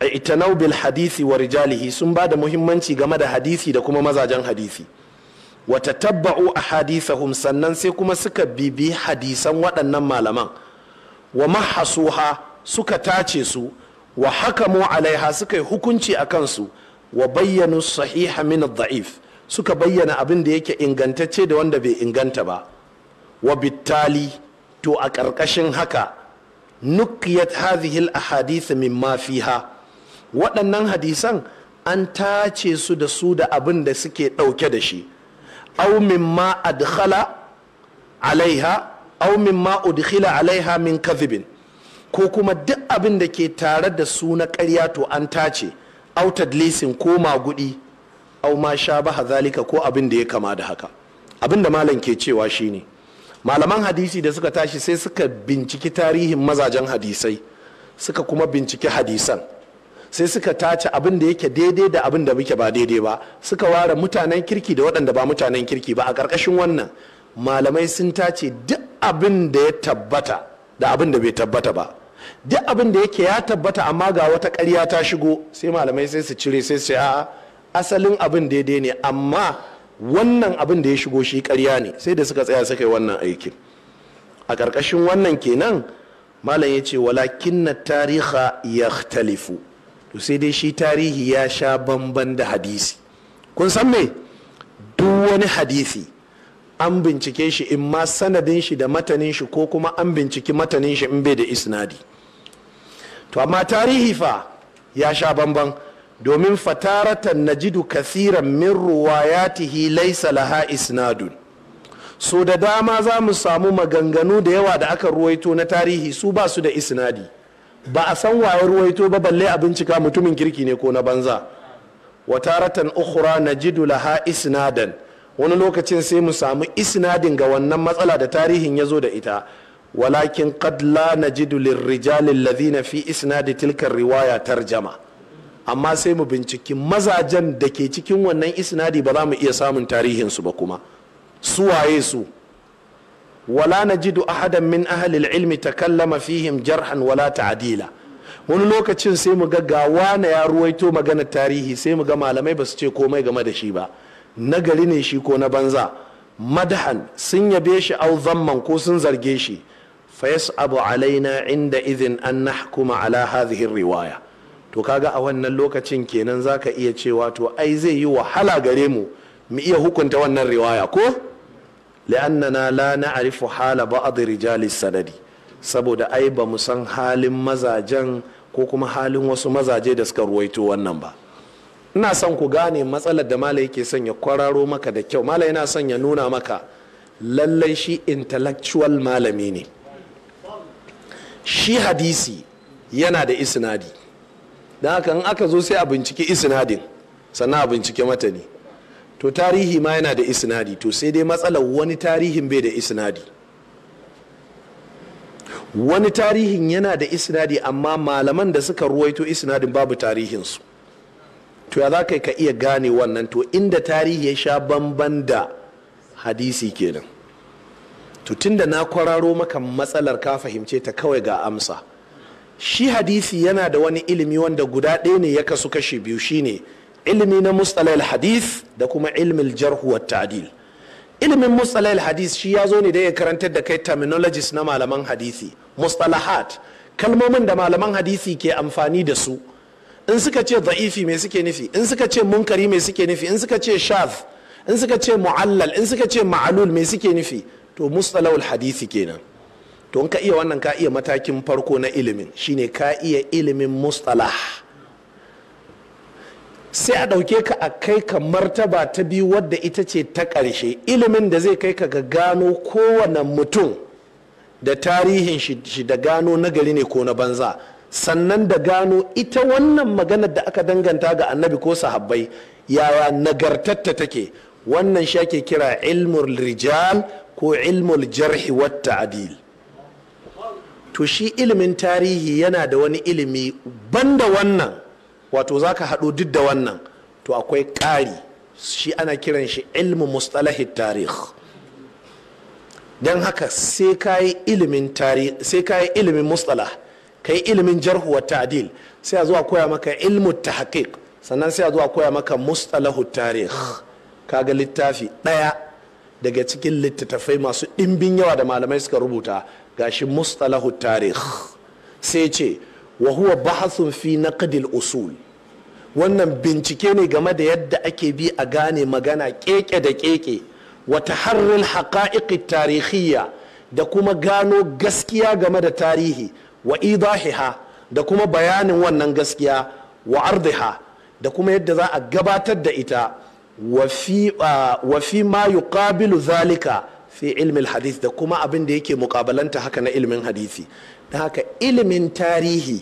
a itanau bil hadisi wa rijalihi sun ba da muhimmanci game da hadisi da kuma mazajen hadisi wata tabba'u a hadithahum sannan sai kuma suka bibi hadisan waɗannan malaman wa mahasuha suka tace su wa hakamu alaiha suka yi hukunci a kansu wa bayyanu sahiha min da'if suka bayyana abin da yake ingantacce da wanda bai inganta ba wa bittali to a ƙarƙashin haka nukiyat hadhihi ahadith mafi fiha waɗannan hadisan an tace su da su da abin da suke ɗauke da shi aw ma adkhala alaiha aw mimma udkhila alaiha min kadhibin ko kuma duk abin da ke tare da su na ƙarya to an tace au tadlisin ko magudi aw ma sha baha zalika ko abin da ya kama da haka abin da malam ke cewa shine malaman hadisi da suka tashi sai suka binciki tarihin mazajen hadisai suka kuma binciki hadisan sai suka tace abin da yake daidai da abin da muke ba daidai ba suka ware mutanen kirki da waɗanda ba mutanen kirki ba a ƙarƙashin wannan malamai sun tace duk abin da ya tabbata da abin da bai tabbata ba duk abin da yake ya tabbata amma ga wata ƙarya ta shigo sai malamai sai su cire sai su ce a'a asalin abin daidai ne amma wannan abin da ya shigo shi ƙarya ne sai da suka tsaya suka yi wannan aikin a ƙarƙashin wannan kenan malam ya ce walakin na tariha ya talifu to sai dai shi tarihi ya sha bamban da hadisi kun san me duk wani hadisi an bincike shi in ma sanadin shi da matanin shi ko kuma an binciki matanin shi in bai da isnadi to amma tarihi fa ya sha bamban domin fataratan najidu kasiran min ruwayatihi laisa laha isnadun so da dama za mu samu maganganu da yawa da aka ruwaito na tarihi su ba su da isnadi ba a san wayar ruwaito ba balle a bincika mutumin kirki ne ko na banza wataratan ukhra najidu laha isnadan wani lokacin sai mu samu isnadin ga wannan matsala da tarihin ya zo da ita walakin qad la najidu lirrijali alladhina fi isnadi tilkar riwaya tarjama amma sai mu binciki mazajen da ke cikin wannan isnadi ba za mu iya samun tarihin su ba kuma su waye su wala na najidu ahadan min ahalil ilmi takallama fihim jarhan wala ta'dila wani lokacin sai mu ga gawa na ya ruwaito maganar tarihi sai mu ga malamai ba su ce komai game da shi ba nagari ne shi ko na banza madhan sun yabe shi au zamman ko sun zarge shi fa abu alaina inda idhin an nahkuma ala hadhihi riwaya to kaga a wannan lokacin kenan zaka iya cewa to ai zai yi wahala gare mu mu iya hukunta wannan riwaya ko li'annana la na'rifu hala ba'd jalis sanadi saboda ai ba mu san halin mazajen ko kuma halin wasu mazaje da suka ruwaito wannan ba ina son ku gane matsalar da malai yake son ya kwararo maka da kyau malai yana son ya nuna maka lallai shi intellectual malami ne shi hadisi yana da isnadi don haka in aka zo sai a bincike isnadin sannan a bincike matani to tarihi ma yana da isnadi to sai dai matsalar wani tarihin bai da isnadi wani tarihin yana da isnadi amma malaman da suka ruwaito isnadin babu tarihinsu to ya za ka iya gane wannan to inda tarihi ya sha bamban da hadisi kenan to tunda na kwararo maka matsalar ka fahimce ta kawai ga amsa shi hadisi yana da wani ilimi wanda guda ɗaya ne ya kasu kashe biyu shine ne ilimi na mustalahil hadith da kuma ilmin jarhu wa ta'dil ilimin mustalahil hadith shi ya zo ne da ya karantar da kai terminologies na malaman hadisi mustalahat kalmomin da malaman hadisi ke amfani da su in suka ce da'ifi me suke nufi in suka ce munkari me suke nufi in suka ce shaz in suka ce mu'allal in suka ce ma'alul me suke nufi to mustalahul hadisi kenan to in ka iya wannan ka iya matakin farko na ilimin shine ka iya ilimin mustalah sai a ɗauke ka a kai ka martaba ta biyu wadda ita ce ta ƙarshe ilimin da zai kai ka ga gano kowane mutum da tarihin shi da gano na gari ne ko na banza sannan da gano ita wannan maganar da aka danganta ga annabi ko sahabbai yaya nagartatta take wannan shi ake kira ilmul rijal ko ilmul jarhi wata adil to shi ilimin tarihi yana da wani ilimi banda wannan wato za ka haɗo duk da wannan to akwai ƙari shi ana kiran shi ilmin mustalahi tarih don haka sai ka yi ilimin mustalah ka yi ilimin jarhu wa ta'dil sai a zuwa koya maka ilmu tahqiq sannan sai a zuwa koya maka mustalahu tarih kaga littafi ɗaya daga cikin littattafai masu ɗimbin yawa da malamai suka rubuta gashi mustalahu tarih sai ce wa huwa bahasun fi naqdil usul wannan bincike ne game da yadda ake bi a gane magana keke da keke wata harrin haƙa'iƙi tarihiyya da kuma gano gaskiya game da tarihi wa idahiha da kuma bayanin wannan gaskiya wa ardiha da kuma yadda za a gabatar da ita wa fi ma yuqabilu zalika fi ilmin hadith da kuma abin da yake mukabalanta haka na ilmin hadisi da haka ilimin tarihi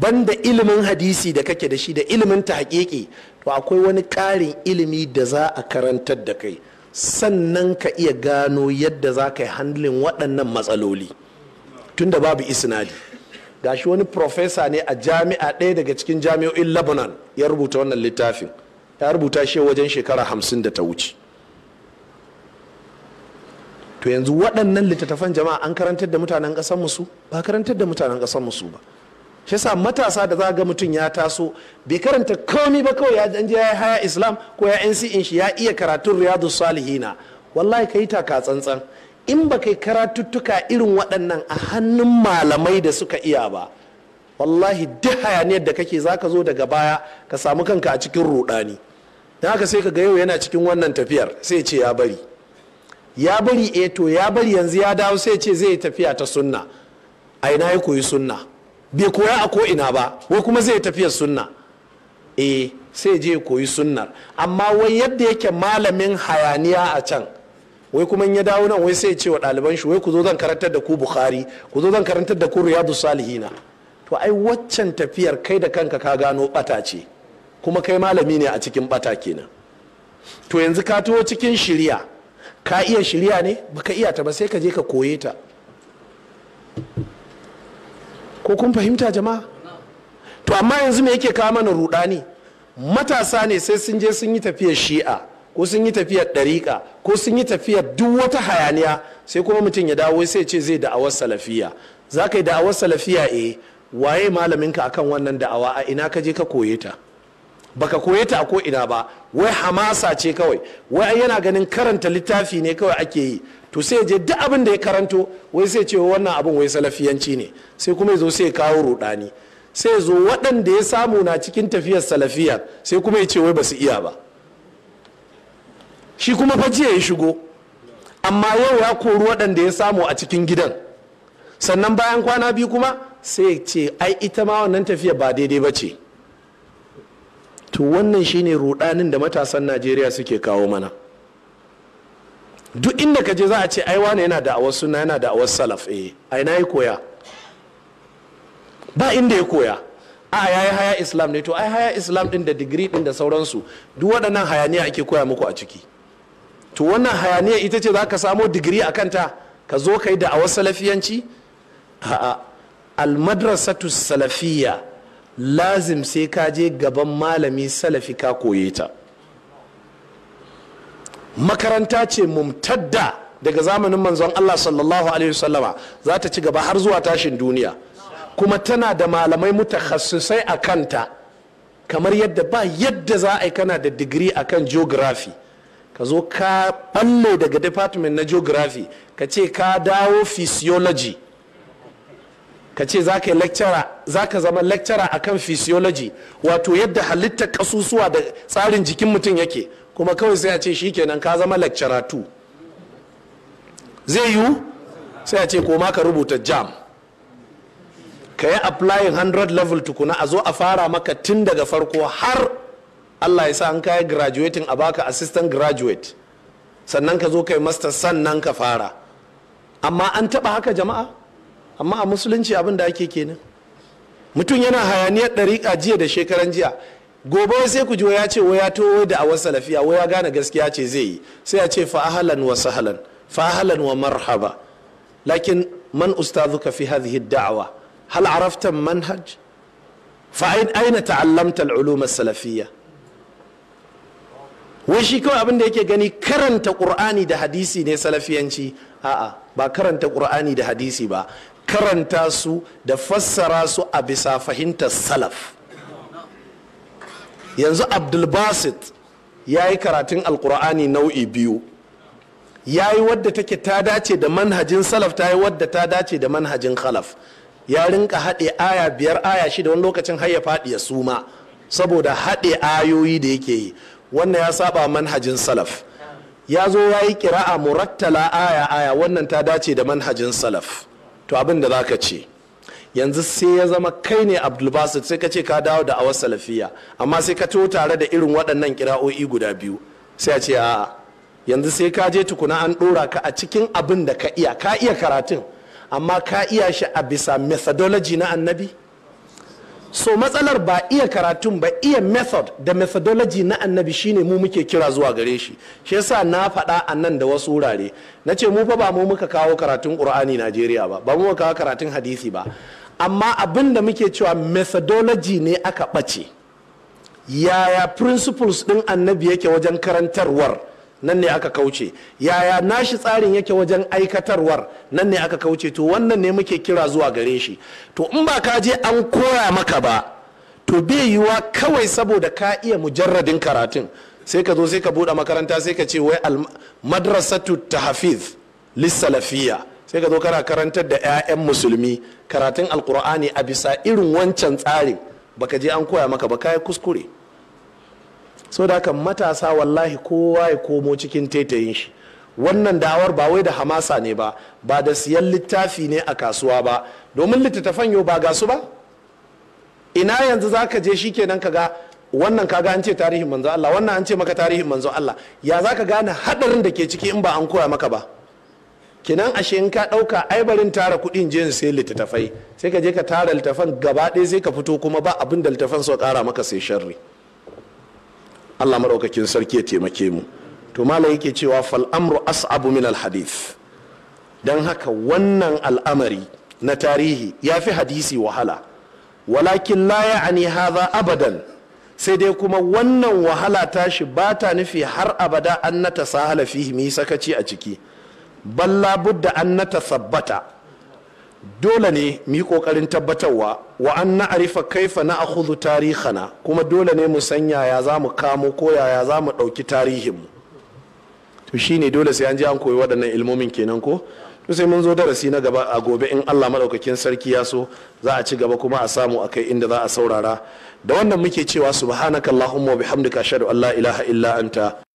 banda ilimin hadisi da kake da shi da ilimin ta haƙiƙi to akwai wani ƙarin ilimi da za a karantar da kai sannan ka iya gano yadda za ka yi handlin waɗannan matsaloli tun da babu isnadi gashi wani profesa ne a jami'a ɗaya daga cikin jami'o'in lebanon ya rubuta wannan littafin ya rubuta shi wajen shekara hamsin da ta wuce to yanzu waɗannan littattafan jama'a an karantar da mutanen ƙasar musu ba karantar da mutanen ƙasar musu ba shi yasa matasa da za ga mutum ya taso bai karanta komi ba kawai ya janje ya haya islam ko ya 'yan in shi ya iya karatun riyadu salihina wallahi ka yi taka tsantsan in ba kai karatuttuka irin waɗannan a hannun malamai da suka iya ba wallahi duk hayaniyar da kake za ka zo daga baya ka samu kanka a cikin ruɗani don haka sai ka ga yau yana cikin wannan tafiyar sai ce ya bari ya bari eto eh to ya bari yanzu ya dawo sai ce zai tafiya ta sunna a ina ya koyi sunna bai koya a ko ina ba wai kuma zai tafiyar sunna e sai je koyi sunnar amma wai yadda yake malamin hayaniya a can wai kuma ya dawo nan wai sai ce wa ɗaliban shi wai ku zo zan karantar da ku bukhari ku zo zan karantar da ku riyadu salihina to ai waccan tafiyar kai da kanka ka gano bata ce kuma kai malami ne a cikin bata kenan to yanzu ka taho cikin shirya ka iya shirya ne baka iya ta ba sai ka je ka koye ta ko kun fahimta jama'a to amma yanzu me yake kawo mana rudani matasa ne sai sun je sun yi tafiyar shi'a ko sun yi tafiyar ɗariƙa ko sun yi tafiyar duk wata hayaniya sai kuma mutum ya dawo sai ce zai da'awar salafiya za ka yi da'awar salafiya eh waye malaminka akan wannan da'awa a ina ka je ka koye ta baka koye ta a ko ina ba wai hamasa ce kawai wai yana ganin karanta littafi ne kawai ake yi to sai je duk abin da ya karanto wai sai ce wannan abin wai salafiyanci ne sai kuma ya zo sai kawo rudani sai zo waɗanda ya samu na cikin tafiyar salafiyar sai kuma ya ce wai ba iya ba shi kuma fa jiya ya shigo amma yau ya kori waɗanda ya samu a cikin gidan sannan bayan kwana biyu kuma sai ce ai ita ma wannan tafiya ba daidai ba ce to wannan shine rudanin da matasan najeriya suke kawo mana duk inda ka je za a ce ai yana da awar suna yana da awar salaf eh ai na koya ba inda ya koya a ya yi haya islam ne to ai haya islam din da digiri din da sauransu duk waɗannan hayaniya ake koya muku a ciki to wannan hayaniya ita ce za ka samo digiri a kanta ka zo ka yi da awar salafiyanci a'a al salafiyya lazim sai ka je gaban malami salafi ka koye ta makaranta ce mumtadda daga zamanin manzon Allah sallallahu alaihi wasallama za ta ci gaba har zuwa tashin duniya kuma tana da malamai mutakhassisai a kanta kamar yadda ba yadda za a yi kana da digiri a kan geography ka zo ka balle daga department na geography ka ce ka dawo physiology ka ce za ka yi lecturer za ka zama lecturer akan physiology wato yadda halittar kasusuwa da tsarin jikin mutum yake kuma kawai sai a ce shikenan ka zama lecturer tu zai yiwu sai a ce koma ka rubuta jam ka yi applying 100 level tukuna a zo a fara maka tun daga farko har allah ya sa an kayi graduating a baka assistant graduate sannan ka zo kai master sannan ka fara amma an taba haka jama'a amma a musulunci abin da ake kenan mutum yana hayaniyar ɗariƙa jiya da shekaran jiya gobe sai ku ji ya ce waya to da a salafiya waya gane gaskiya ce zai yi sai a ce fa'ahalan wa sahalan fa'ahalan wa marhaba lakin man ustazuka fi hadhihi da'wa hal arafta manhaj fa aina ta'allamta al-ulum salafiyya wai shi kawai abin da yake gani karanta qur'ani da hadisi ne salafiyanci a'a ba karanta qur'ani da hadisi ba karanta su da fassara su a bisa fahimtar salaf yanzu abdulbasit ya yi karatun alkur'ani nau'i biyu ya yi wadda take ta dace da manhajin salaf ta yi wadda ta dace da manhajin khalaf ya rinka haɗe aya biyar aya shida wani lokacin har ya faɗi ya suma saboda haɗe ayoyi da yake yi wannan ya saba manhajin salaf ya zo ya yi kira'a murattala aya aya wannan ta dace da manhajin salaf to abin da za ka ce yanzu sai ya zama kai ne Abdulbasir sai ka ce ka dawo da awar salafiya amma sai ka to tare da irin waɗannan kira'o'i guda biyu sai a ce a'a yanzu sai ka je tukuna an ɗora ka a cikin abin da ka iya ka iya karatun amma ka iya shi a bisa methodology na annabi so matsalar ba iya karatun ba iya method da methodology na annabi shine mu muke kira zuwa gare shi shi yasa na faɗa a nan da wasu wurare na ce mu fa ba mu muka kawo karatun qur'ani najeriya ba ba mu muka kawo karatun hadisi ba amma abin da muke cewa methodology ne aka ɓace yaya principles ɗin annabi yake wajen karantarwar nan ne aka kauce yaya nashi tsarin yake wajen aikatarwar nan ne aka kauce to wannan ne muke kira zuwa gare shi to in ba ka je an koya maka ba to bai yiwuwa kawai saboda ka iya mujarradin karatun sai ka zo sai ka buɗe makaranta sai ka ce wai madrasatu tahfiz lissalafiya sai ka zo kana karantar da 'ya'yan musulmi karatun alkur'ani a bisa irin wancan tsarin baka je an koya maka ba kayi kuskure so da haka matasa wallahi kowa ya komo cikin taitayin shi wannan dawar ba wai da hamasa ne ba ba da siyan littafi ne a kasuwa ba domin littattafan yau ba ga su ba ina yanzu za ka je shi kenan ka ga wannan kaga an ce tarihin manzo Allah wannan an ce maka tarihin manzo Allah ya za ka gane hadarin da ke ciki in ba an koya maka ba kinan ashe in ka dauka aibarin tara kudin je sai littattafai sai ka je ka tara littafan gaba ɗaya sai ka fito kuma ba abin da littafan so kara maka sai sharri Allah maɗaukakin sarki ya taimake mu to malam yake cewa fal amru as'abu min al hadith dan haka wannan al'amari na tarihi ya fi hadisi wahala walakin la ya'ani hadha abadan sai dai kuma wannan wahala tashi ba ta nufi har abada an na tasahala fihi mu sakaci a ciki balla budda an na sabbata. dole ne mu yi kokarin tabbatarwa wa an na na'arifa kaifa na akhudhu tarihana kuma dole ne mu sanya ya za mu kamo ko ya ya za mu ɗauki tarihinmu to shine dole sai an ji an koyi waɗannan ilmomin kenan ko to sai mun zo darasi na gaba a gobe in Allah madaukakin sarki ya so za a ci gaba kuma a samu a kai inda za a saurara da wannan muke cewa subhanakallahumma wa bihamdika ashhadu an la ilaha illa anta